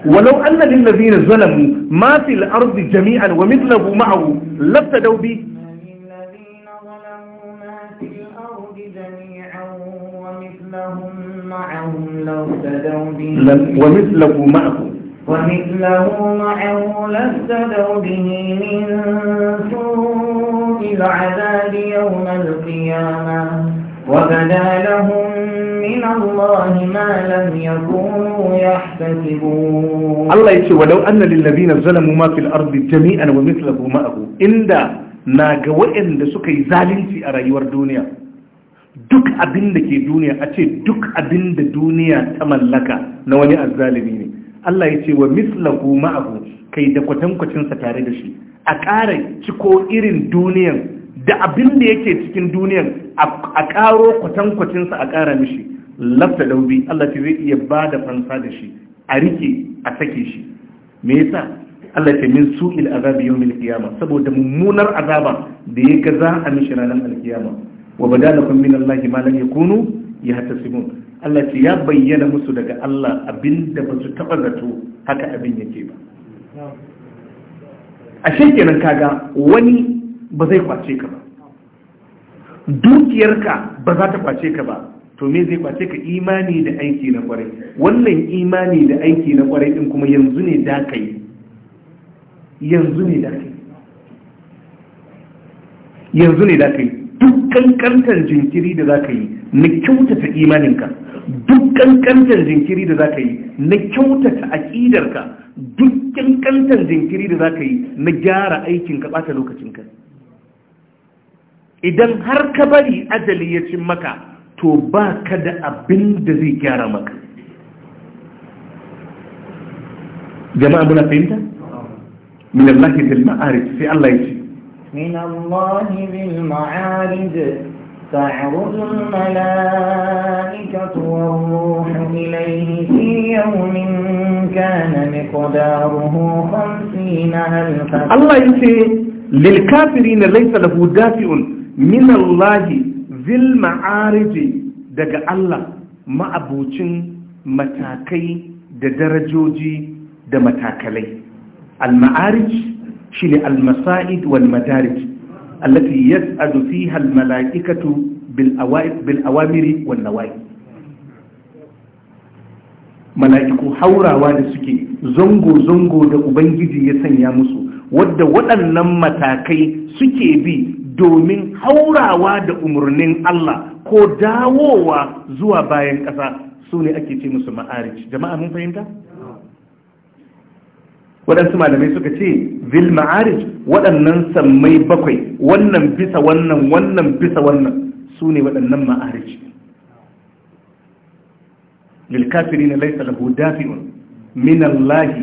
ولو أن jami'an ظلموا ما في الأرض جميعا ومثله معه لابتدوا به ومثله معه ومثله معه لستدعوا به من سوء العذاب يوم القيامة وبدا لهم من الله ما لم يكونوا يحتسبون الله يقول ولو أن للذين ظلموا ما في الأرض جميعا ومثله معه إلا na ga waɗanda suka yi zalunci a rayuwar duniya duk abin da ke duniya a ce duk abin da duniya ta mallaka na wani azzalimi ne Allah ya ce wa mislahu ma'ahu kai da kwatankwacinsa tare da shi a ƙara ciko irin duniyan da abin da yake cikin duniyan a ƙaro kwatankwacinsa a ƙara mishi lafta daubi Allah ce zai iya ba da fansa da shi a rike a sake shi me yasa Allah ce min su'il azabi yawmil qiyama saboda mummunar azaba da ya ga za a mishi ranar alkiyama wa badalakum min Allah ma lam yakunu yahtasibun Allah ce ya bayyana musu daga Allah abin da ba su taba zato haka abin yake ba a shekenan kaga wani ba zai kwace ka ba dukiyarka ba za ta kwace ka ba to me zai kwace ka imani da aiki na kwarai wannan imani da aiki na kwarai din kuma yanzu ne da kai yanzu ne da kai yanzu ne da kai duk kankantar jinkiri da za ka yi na kyautata imaninka duk kankantar jinkiri da zaka yi na kyautata aƙidarka duk kankantar jinkiri da za ka yi na gyara aikinka bata lokacinka idan har ka bari ajali ya cin maka to ba ka da abin da zai gyara maka jama'a muna fahimta? min Allah bil ma'arij sai Allah ya ce min Allah bil ma'arij تعرض الملائكة والروح إليه في يوم كان مقداره خمسين ألف الله يقول للكافرين ليس له دافع من الله ذي المعارج دق الله ما أبوتين متاكي درجوجي دمتاكلي المعارج شيل المصائد والمدارج allati yas'adu fiha al-mala'ikatu bil awamiri wan nawahi mala'iku haurawa da suke zango zango da ubangiji ya sanya musu wadda waɗannan matakai suke bi domin haurawa da umarnin Allah ko dawowa zuwa bayan ƙasa su ne ake ce musu ma'arij jama'a mun fahimta waɗansu malamai suka ce vil ma'arij waɗannan sammai bakwai wannan bisa wannan wannan bisa wannan su ne waɗannan ma'arij lil kafiri na laisa lahu dafi'un min Allah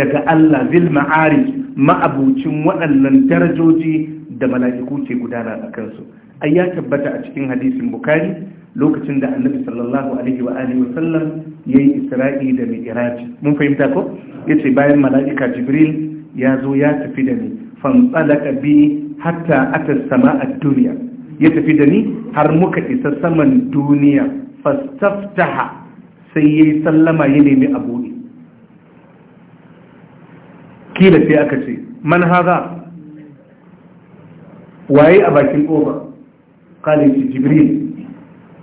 daga Allah vil ma'arij ma'abucin waɗannan darajoji da mala'iku ke gudana a kansu ai ya tabbata a cikin hadisin bukari lokacin da annabi sallallahu alaihi wa alihi wa sallam yayi isra'i da mi'raj mun fahimta ko yace bayan mala'ika jibril ya zo ya tafi da ni fantsalaka bi hatta ata sama'a duniya ya tafi da ni har muka isa saman duniya fastaftaha sai yayi sallama ya nemi abuɗi kila sai aka ce man haza waye a bakin kofa kalin jibril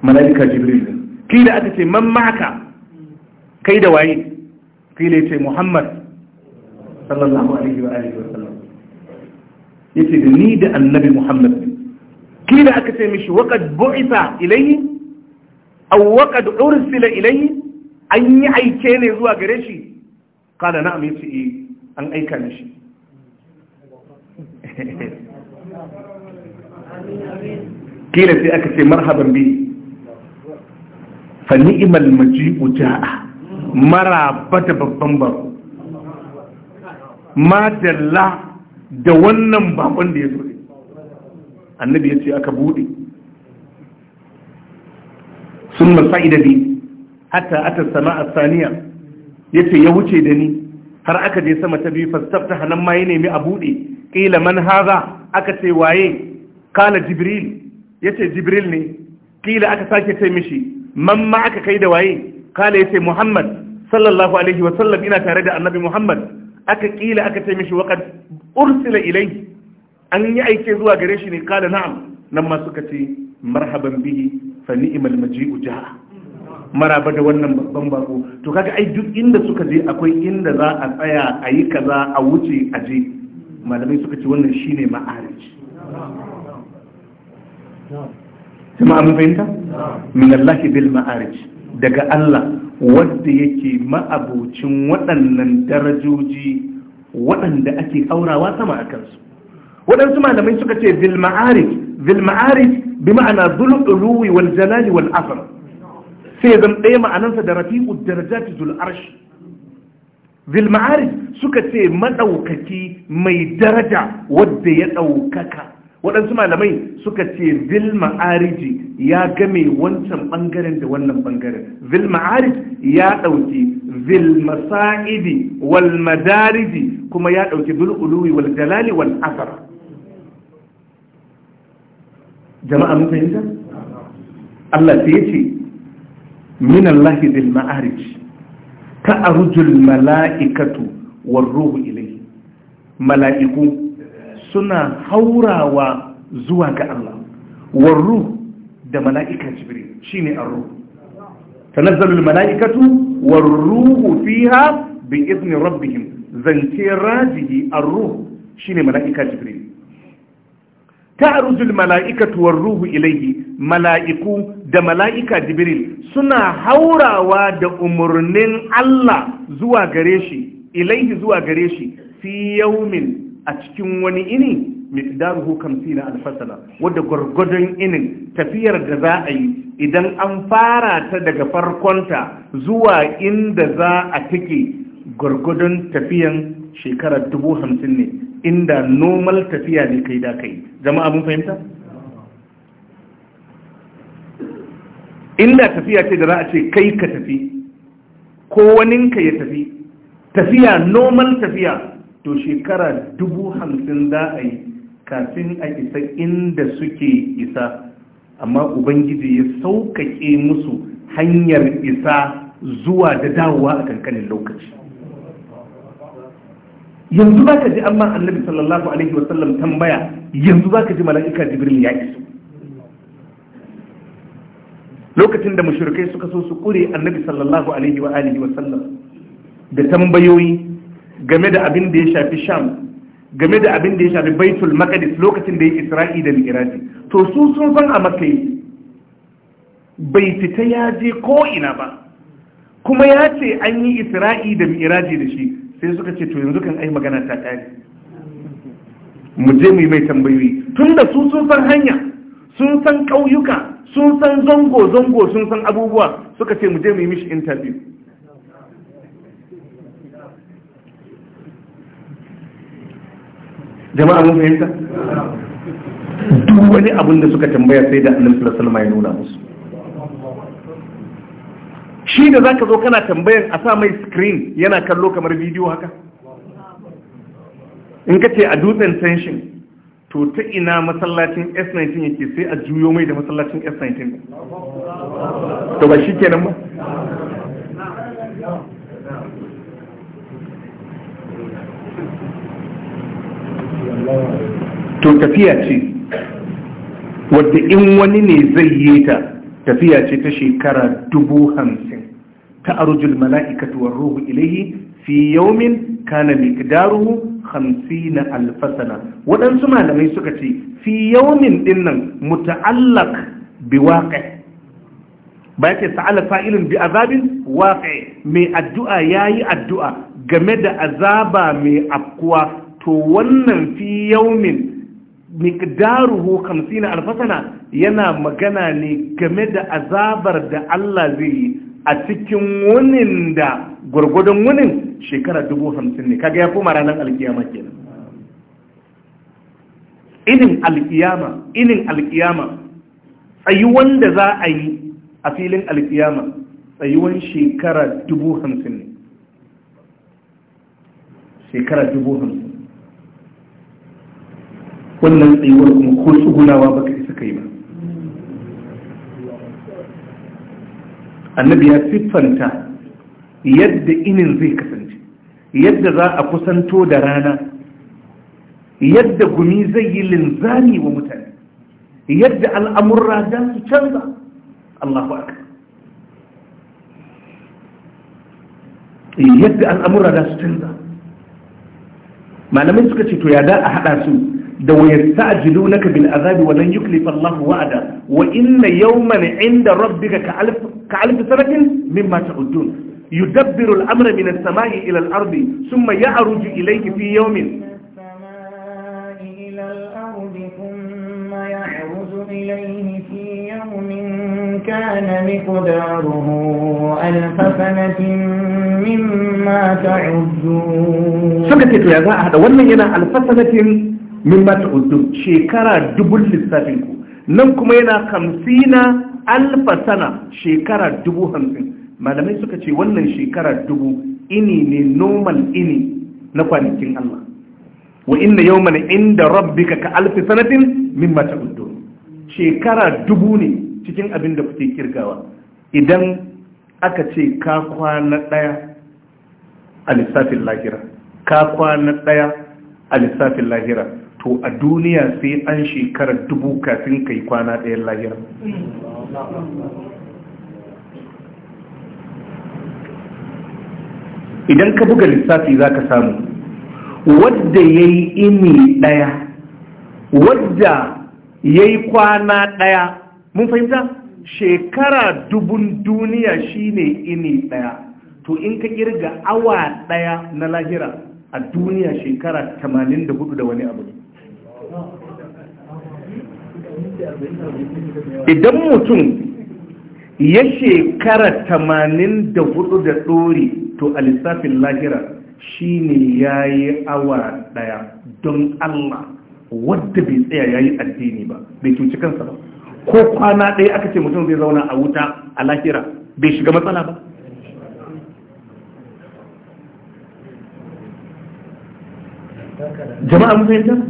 malaika jibril kila aka ce man maka kai da waye kila ya ce muhammad sallallahu alaihi wa alihi wa sallam yace da ni da annabi muhammad kila aka ce mishi waqad bu'itha ilayhi aw waqad ursila ilayhi an yi aike ne zuwa gare shi kala na'am yace eh an aika mishi kila sai aka ce marhaban bihi fa ni'mal maji'u Mara maraba da babban baro madalla da wannan bakon da ya zo annabi ya ce aka bude sun hata bi hatta ata sama'a saniya ya ce ya wuce da ni har aka je sama ta biyu fastafta hannun ma ya nemi a bude ƙila man haza aka ce waye kala jibril ya ce jibril ne ƙila aka sake ce mishi man ma aka kai da waye kala yace Muhammad sallallahu alaihi wa sallam ina tare da Annabi Muhammad aka kila aka ce mishi waqad ursila ilai, an yi aike zuwa gare shi ne kala na'am nan ma suka ce marhaban bihi fa ni'mal maji'u ja'a maraba da wannan babban bako to kaga ai duk inda suka je akwai inda za a tsaya a yi kaza a wuce a je malamai suka ce wannan shine ma'arij Sama mun fahimta min Allah bil ma'arij daga Allah wanda yake ma'abucin waɗannan darajoji waɗanda ake aurawa sama a kansu waɗansu malamai suka ce bil ma'arij bil ma'arij bi ma'ana dhul wal jalali wal sai zan ɗaya ma'anansa da rafi'u darajati zul arsh bil ma'arij suka ce madaukaki mai daraja wanda ya ɗaukaka waɗansu malamai suka ce zil ma'ariji ya game wancan ɓangaren da wannan ɓangaren zil ma'arij ya ɗauki zil masa'idi wal madariji kuma ya ɗauki zil uluwi wal jalali wal asar jama'a mun fahimta Allah sai yace min Allah zil ma'arij ta arujul mala'ikatu war ruhu ilayhi mala'iku suna haurawa zuwa ga Allah warru da mala'ika jibril shine arru tanazzalul mala'ikatu warruhu fiha bi izni rabbihim zance rajihi arru shine mala'ika jibril ta'rujul mala'ikatu warruhu ilayhi mala'iku da mala'ika jibril suna haurawa da umurnin Allah zuwa gare shi ilaihi zuwa gare shi fi yaumin a cikin wani ini miqdaruhu 50 alfasala wadda gwargwadon inin tafiyar da za a yi idan an fara ta daga farkonta zuwa inda za a take gwargwadon tafiyan shekara hamsin ne inda normal tafiya ne kai da kai jama'a mun fahimta inda tafiya ce da za a ce kai ka tafi ko waninka ya tafi tafiya normal tafiya to shekara dubu hamsin za a yi kafin a isa inda suke isa amma ubangiji ya sauƙaƙe musu hanyar isa zuwa da dawowa a kankanin lokaci yanzu za ka ji amma annabi sallallahu alaihi wasallam tambaya yanzu za ka ji mala'ika jibril ya iso lokacin da mashirkai suka so su ƙure annabi sallallahu alaihi wa alihi wasallam da tambayoyi game da abin da ya shafi sham game da abin da ya shafi baitul maqdis lokacin da ya isra'i da mi'raji to su sun san a makka bai fita ya je ko ina ba kuma ya ce an yi isra'i da mi'raji da shi sai suka ce to yanzu kan ai magana ta kare mu je mu yi mai tambayoyi tunda su sun san hanya sun san ƙauyuka sun san zango zango sun san abubuwa suka ce mu je mu yi mishi interview jama'a mun fahimta duk wani abin da suka tambaya sai da annabi sallallahu alaihi ya nuna musu shi da zaka zo kana tambayan a sa mai screen yana kallo kamar bidiyo haka in ka ce a dutsen tension to ta ina masallacin S19 yake sai a juyo mai da masallacin S19 to ba shi kenan ba to tafiya ce wadda in wani ne zai yi ta tafiya ce ta shekara dubu hamsin ta arujul mala'ikatu war ruhu ilaihi fi yaumin kana miqdaruhu hamsina alfasana waɗansu malamai suka ce fi yaumin dinnan muta'allaq bi waqi ba yake sa'ala fa'ilun bi azabin waqi mai addu'a yayi addu'a game da azaba mai afkuwa to wannan fi yaumin miqdaruhu 50 alfasana yana magana ne game da azabar da Allah zai yi a cikin wunin da gwargwadon wunin shekara 50 ne kaga ya fi ranar alkiyama kenan inin alkiyama inin alkiyama tsayuwan da za a yi a filin alkiyama tsayuwan shekara 50 ne shekara 50 wannan tsayuwar kuma ko tsugunawa ba kai suka yi ba annabi ya siffanta yadda inin zai kasance yadda za a kusanto da rana yadda gumi zai yi linzami wa mutane yadda al'amurra za su canza Allahu akbar yadda al'amura da su canza malamai suka ce to ya da a haɗa su da wa yasta'jilunaka bil azabi wa lan yuklifa Allah wa'ada wa inna yawman 'inda rabbika ka alf ka alf sanatin mimma ta'udun yudabbiru al-amra min as-sama'i ila al-ardi thumma ya'ruju ilayhi fi yawmin إليه في يوم كان مقداره ألف سنة مما تعدون سكتت يا ذا هذا ولينا ألف سنة min mata uddum shekara dubun lissafin ku nan kuma yana kamsina alfa sana shekara dubu hamsin malamai suka ce wannan shekara dubu ini ne normal ini na kwanakin Allah wa inna mana inda rabbika ka alfi sanatin min mata uddum shekara dubu ne cikin abin da kuke kirgawa idan aka ce ka kwana daya a lahira ka kwana ɗaya a lissafin lahira to a duniya sai an shekarar dubu kafin kai kwana ɗayan lahira idan ka buga lissafi za ka samu wadda ya yi ini ɗaya wadda ya yi kwana ɗaya mun fahimta shekara dubun duniya shine ini ɗaya to in ka kirga awa ɗaya na lahira a duniya shekara 84 da wani abu ne idan mutum ya shekara tamanin da hudu da ɗori to a lissafin lahira shi ne ya yi awa ɗaya don Allah wadda bai tsaya ya yi addini ba bai cuci kansa ba ko kwana ɗaya aka ce mutum zai zauna a wuta a lahira bai shiga matsala ba jama'a musayin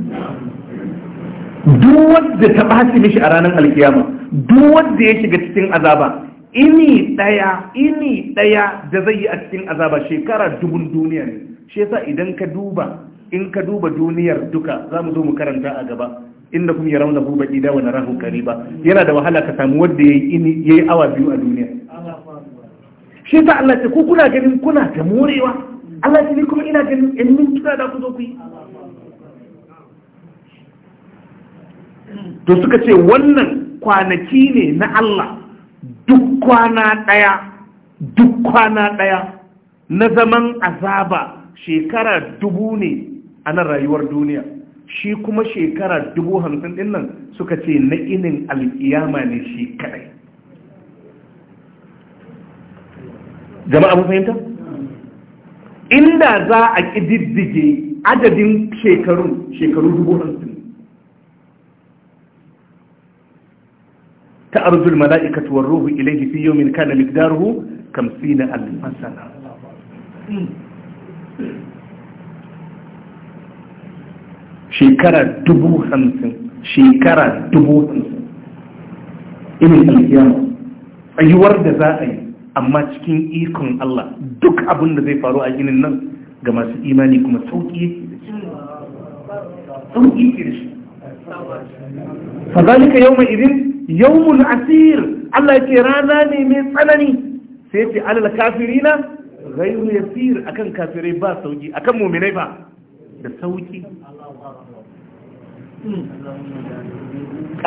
duk wanda ta ɓaci mishi a ranar alkiyama duk wanda ya shiga cikin azaba ini ɗaya ini ɗaya da zai yi a cikin azaba shekara dubun duniya ne shi yasa idan ka duba in ka duba duniyar duka za mu zo mu karanta a gaba inda kuma ya rauna buba baki wani rahu ba yana da wahala ka samu wanda ya yi awa biyu a duniya shi yasa Allah ce ko kuna ganin kuna ta morewa Allah ce ni kuma ina ganin in mintuna da ku zo ku yi to suka ce wannan kwanaki ne na Allah duk kwana ɗaya duk kwana ɗaya na zaman azaba shekara dubu ne a nan rayuwar duniya shi kuma shekara dubu hamsin ɗin nan suka ce na inin alkiyama ne shi kadai jama'a mun fahimta inda za a ƙididdige adadin shekaru shekaru dubu hamsin تعرض الملائكة والروح إليه في يوم كان مقداره كم ألف سنة شكرا دبو خمس شكرا دبو خمس إن الأيام أي ورد زائي أما تكين إيكم الله دك أبن زي فارو أجين النم كما إيمانكم سوكي سوكي فذلك يومئذ yawmul asir Allah ke rana ne mai tsanani sai ce alal kafirina ghayru yasir akan kafirai ba sauki akan mu'minai ba da sauki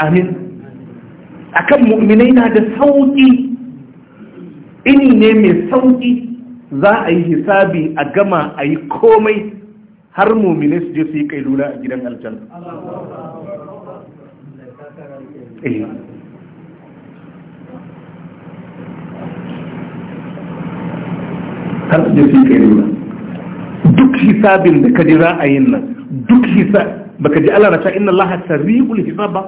amin akan mu'minai na da sauki ini ne mai sauki za a yi hisabi a gama a yi komai har mu'minai su je su yi kailula a gidan aljanna ilma har da fi kai ba duk hisabin da ka za a yin nan duk hisab baka ji Allah na ta inna Allah sari'ul hisab ba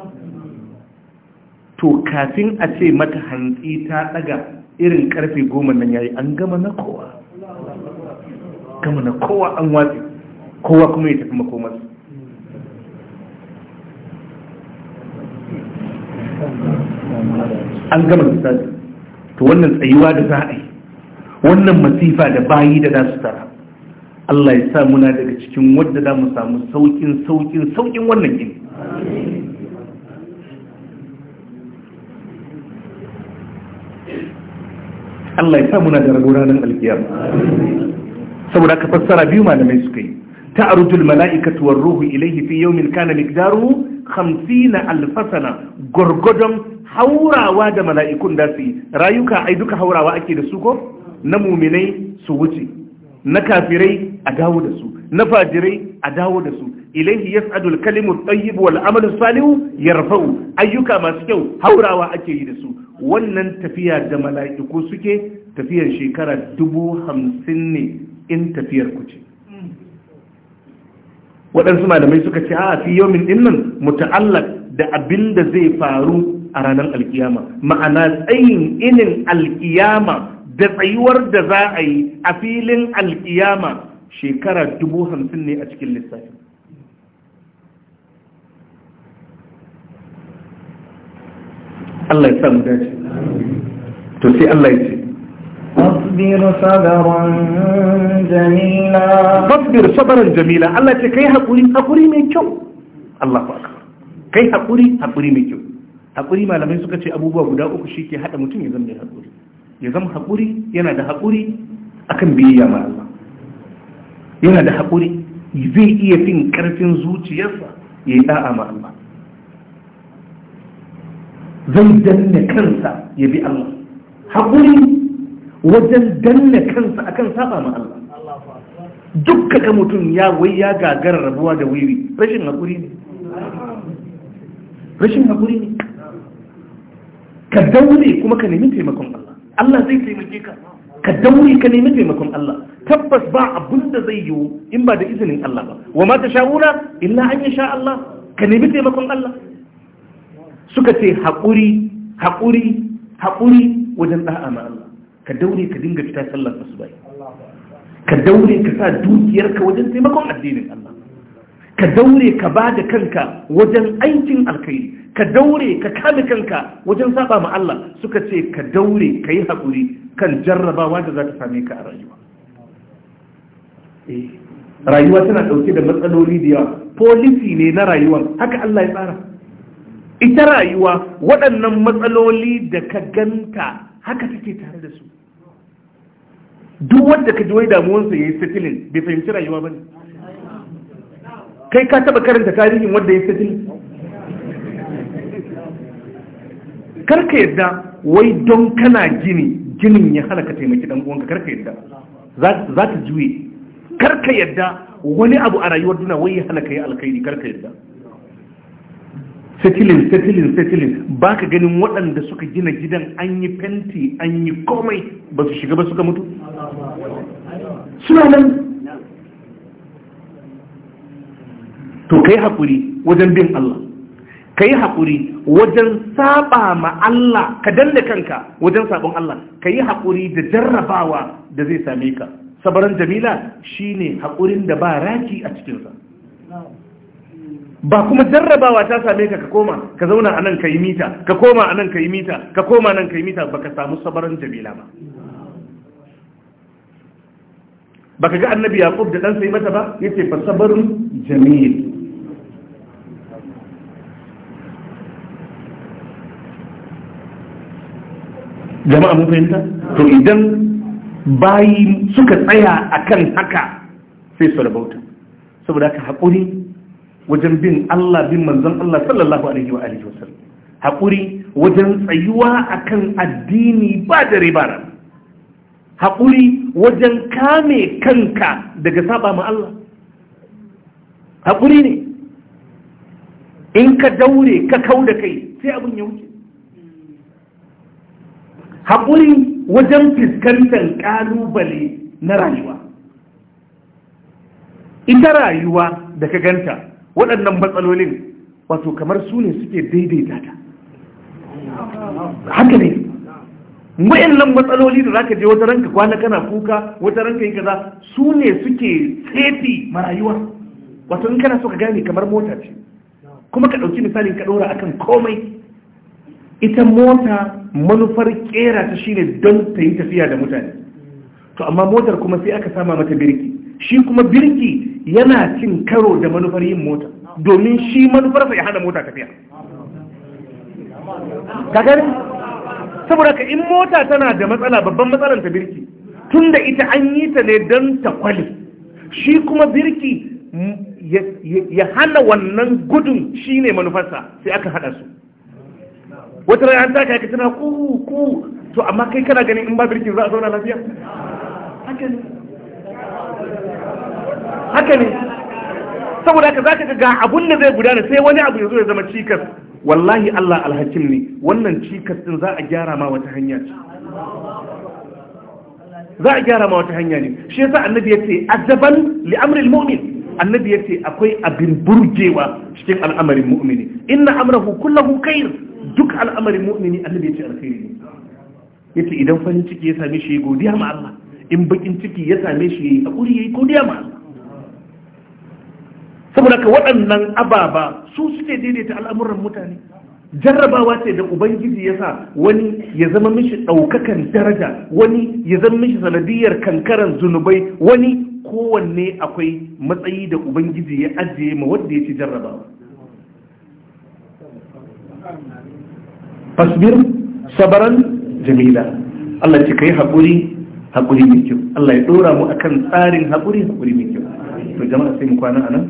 to kafin a ce mata hantsi ta daga irin karfe goma nan yayi an gama na kowa gama na kowa an watsi kowa kuma ya tafi makomarsa an gama lissafi to wannan tsayuwa da za a yi wannan masifa da bayi da za su tara Allah ya sa muna daga cikin wadda za mu samu saukin saukin saukin wannan gini Allah ya sa muna da rago ranar alkiyar saboda ka fassara biyu malamai suka yi تعرج الملائكة والروح ruhu, في يوم كان مقداره خمسين ألف سنة غرغدم haurawa da mala'ikun da su yi rayuka ai duka haurawa ake da su ko na muminai su wuce na kafirai a dawo da su na fajirai a dawo da su ilaihi yas'adul kalimu tayyib wal al’amalin salihu yarfa'u ayyuka masu kyau haurawa ake yi da su wannan tafiya da mala'iku suke tafiyar shekara dubu hamsin ne in tafiyar ku ce waɗansu malamai suka ce a fi ɗin nan muta'allaq da abin da zai faru a ranar alkiyama ma'ana tsayin inin alkiyama da tsayuwar da za a yi a filin alkiyama shekara dubu hamsin ne a cikin lissafi Allah ya samu dace to sai Allah ya ce فاصبر صبرا جميلا فاصبر صبرا جميلا الله يقول حقوري حقوري من الله أكبر كي حقوري حقوري من haƙuri malamai suka ce abubuwa guda uku shi ke haɗa mutum ya zama haƙuri ya zama haƙuri yana da haƙuri akan biyayya ma Allah yana da haƙuri zai iya fin ƙarfin zuciyarsa ya yi ɗa'a ma Allah zai danna kansa ya bi Allah haƙuri wajen danna kansa akan saba ma Allah duk ka mutum ya wai ya gagara rabuwa da wuri rashin haƙuri ne rashin haƙuri ne ka daure kuma ka nemi taimakon Allah Allah zai taimake ka ka daure ka nemi taimakon Allah tabbas ba abun da zai yiwu in ba da izinin Allah ba wa ma tasha'una illa an yasha Allah ka nemi taimakon Allah suka ce haƙuri haƙuri haƙuri wajen da'a ma Allah ka daure ka dinga fita sallar asubai ka daure ka sa dukiyarka wajen taimakon addinin Allah ka daure ka ba da kanka wajen aikin alkhairi ka daure ka kame kanka wajen saba ma Allah suka ce ka daure ka yi haƙuri kan jarrabawa da za ta same ka a rayuwa eh, rayuwa tana ɗauke da matsaloli da yawa polisi ne na rayuwa haka Allah ya tsara ita rayuwa waɗannan matsaloli da ka ganta haka take tare da su duk wanda ka ji wai damuwansa ya yi settling bai fahimci rayuwa ba ne kai ka taɓa karanta tarihin wanda ya yi settling karka yadda wai don kana gini ginin ya hana ka taimaki dan uwanka karka yadda za ta juye karka yadda wani abu a rayuwar duna wai ya hana ka yi alkhairi karka yadda setilin setilin setilin ba ka ganin waɗanda suka gina gidan an yi fenti an yi komai ba su shiga ba suka mutu suna nan to kai haƙuri wajen bin Allah ka yi haƙuri wajen saba ma Allah ka danne kanka wajen sabon Allah ka yi haƙuri da jarrabawa da zai same ka sabaran jamila shi ne haƙurin da ba raki a cikinsa ba kuma jarrabawa ta same ka ka koma ka zauna a nan ka yi mita ka koma a nan ka yi mita ka koma nan ka yi mita ba ka samu sabaran jamila ba Ba ka ga annabi yaqub da dan sai mata ba ce ba sabarun jamila jama'a mun fahimta to idan bayi suka tsaya akan haka sai su rabauta saboda haka haƙuri wajen bin Allah bin manzon Allah sallallahu alaihi wa alihi wasallam haƙuri wajen tsayuwa akan addini ba da ribara haƙuri wajen kame kanka daga saba ma Allah haƙuri ne in ka daure ka kau da kai sai abin ya wuce haƙuri wajen fiskantar ƙalubale na rayuwa ita rayuwa da ka ganta waɗannan matsalolin wato kamar su ne suke daidaita ta haka ne wayannan matsaloli da zaka je wata ranka kwana kana kuka wata ranka yi kaza su ne suke tsefi marayuwa wato in kana so ka gane kamar mota ce kuma ka ɗauki misalin ka ɗora akan komai ita mota manufar kera ta shine don ta yi tafiya da mutane to amma motar kuma sai aka sama mata birki shi kuma birki yana cin karo da manufar yin mota domin shi manufar ya hana mota tafiya gagari saboda ka in mota tana da matsala babban matsalar ta birki tunda ita an yi ta ne don ta kwale shi kuma birki ya hana wannan gudun shine manufarsa sai aka hada su wata rai an taka tana ku to amma kai kana ganin in ba birkin za a zauna lafiya haka ne haka saboda ka zaka ga abun da zai gudana sai wani abu ya zo ya zama cikas wallahi Allah alhakim ne wannan cikas din za a gyara ma wata hanya ce za a gyara ma wata hanya ne shi yasa annabi ce ajaban li amri mumin. annabi yace akwai abin burgewa cikin al'amarin mu'mini inna amrahu kullahu khair duk al'amarin mu'mini annabi yace alkhairi ne yace idan farin ciki ya same shi godiya ma Allah in bakin ciki ya same shi hakuri yayi godiya ma Allah saboda ka waɗannan ababa su suke daidaita al'amuran mutane jarrabawa ce da ubangiji ya sa wani ya zama mishi ɗaukakan daraja wani ya zama mishi sanadiyar kankaran zunubai wani kowanne akwai matsayi da ubangiji ya ajiye ma wadda ya ci jarraba fasbir sabaran jamila Allah ce kai haƙuri haƙuri mai kyau Allah ya ɗora mu akan tsarin haƙuri haƙuri mai kyau to jama'a sai mu kwana a nan,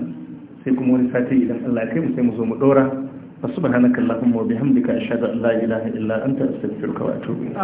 sai kuma wani sati idan Allah ya kai mu sai mu zo mu ɗora subhanakallahumma wa bihamdika ashhadu an la ilaha illa anta astaghfiruka wa atubu ilayk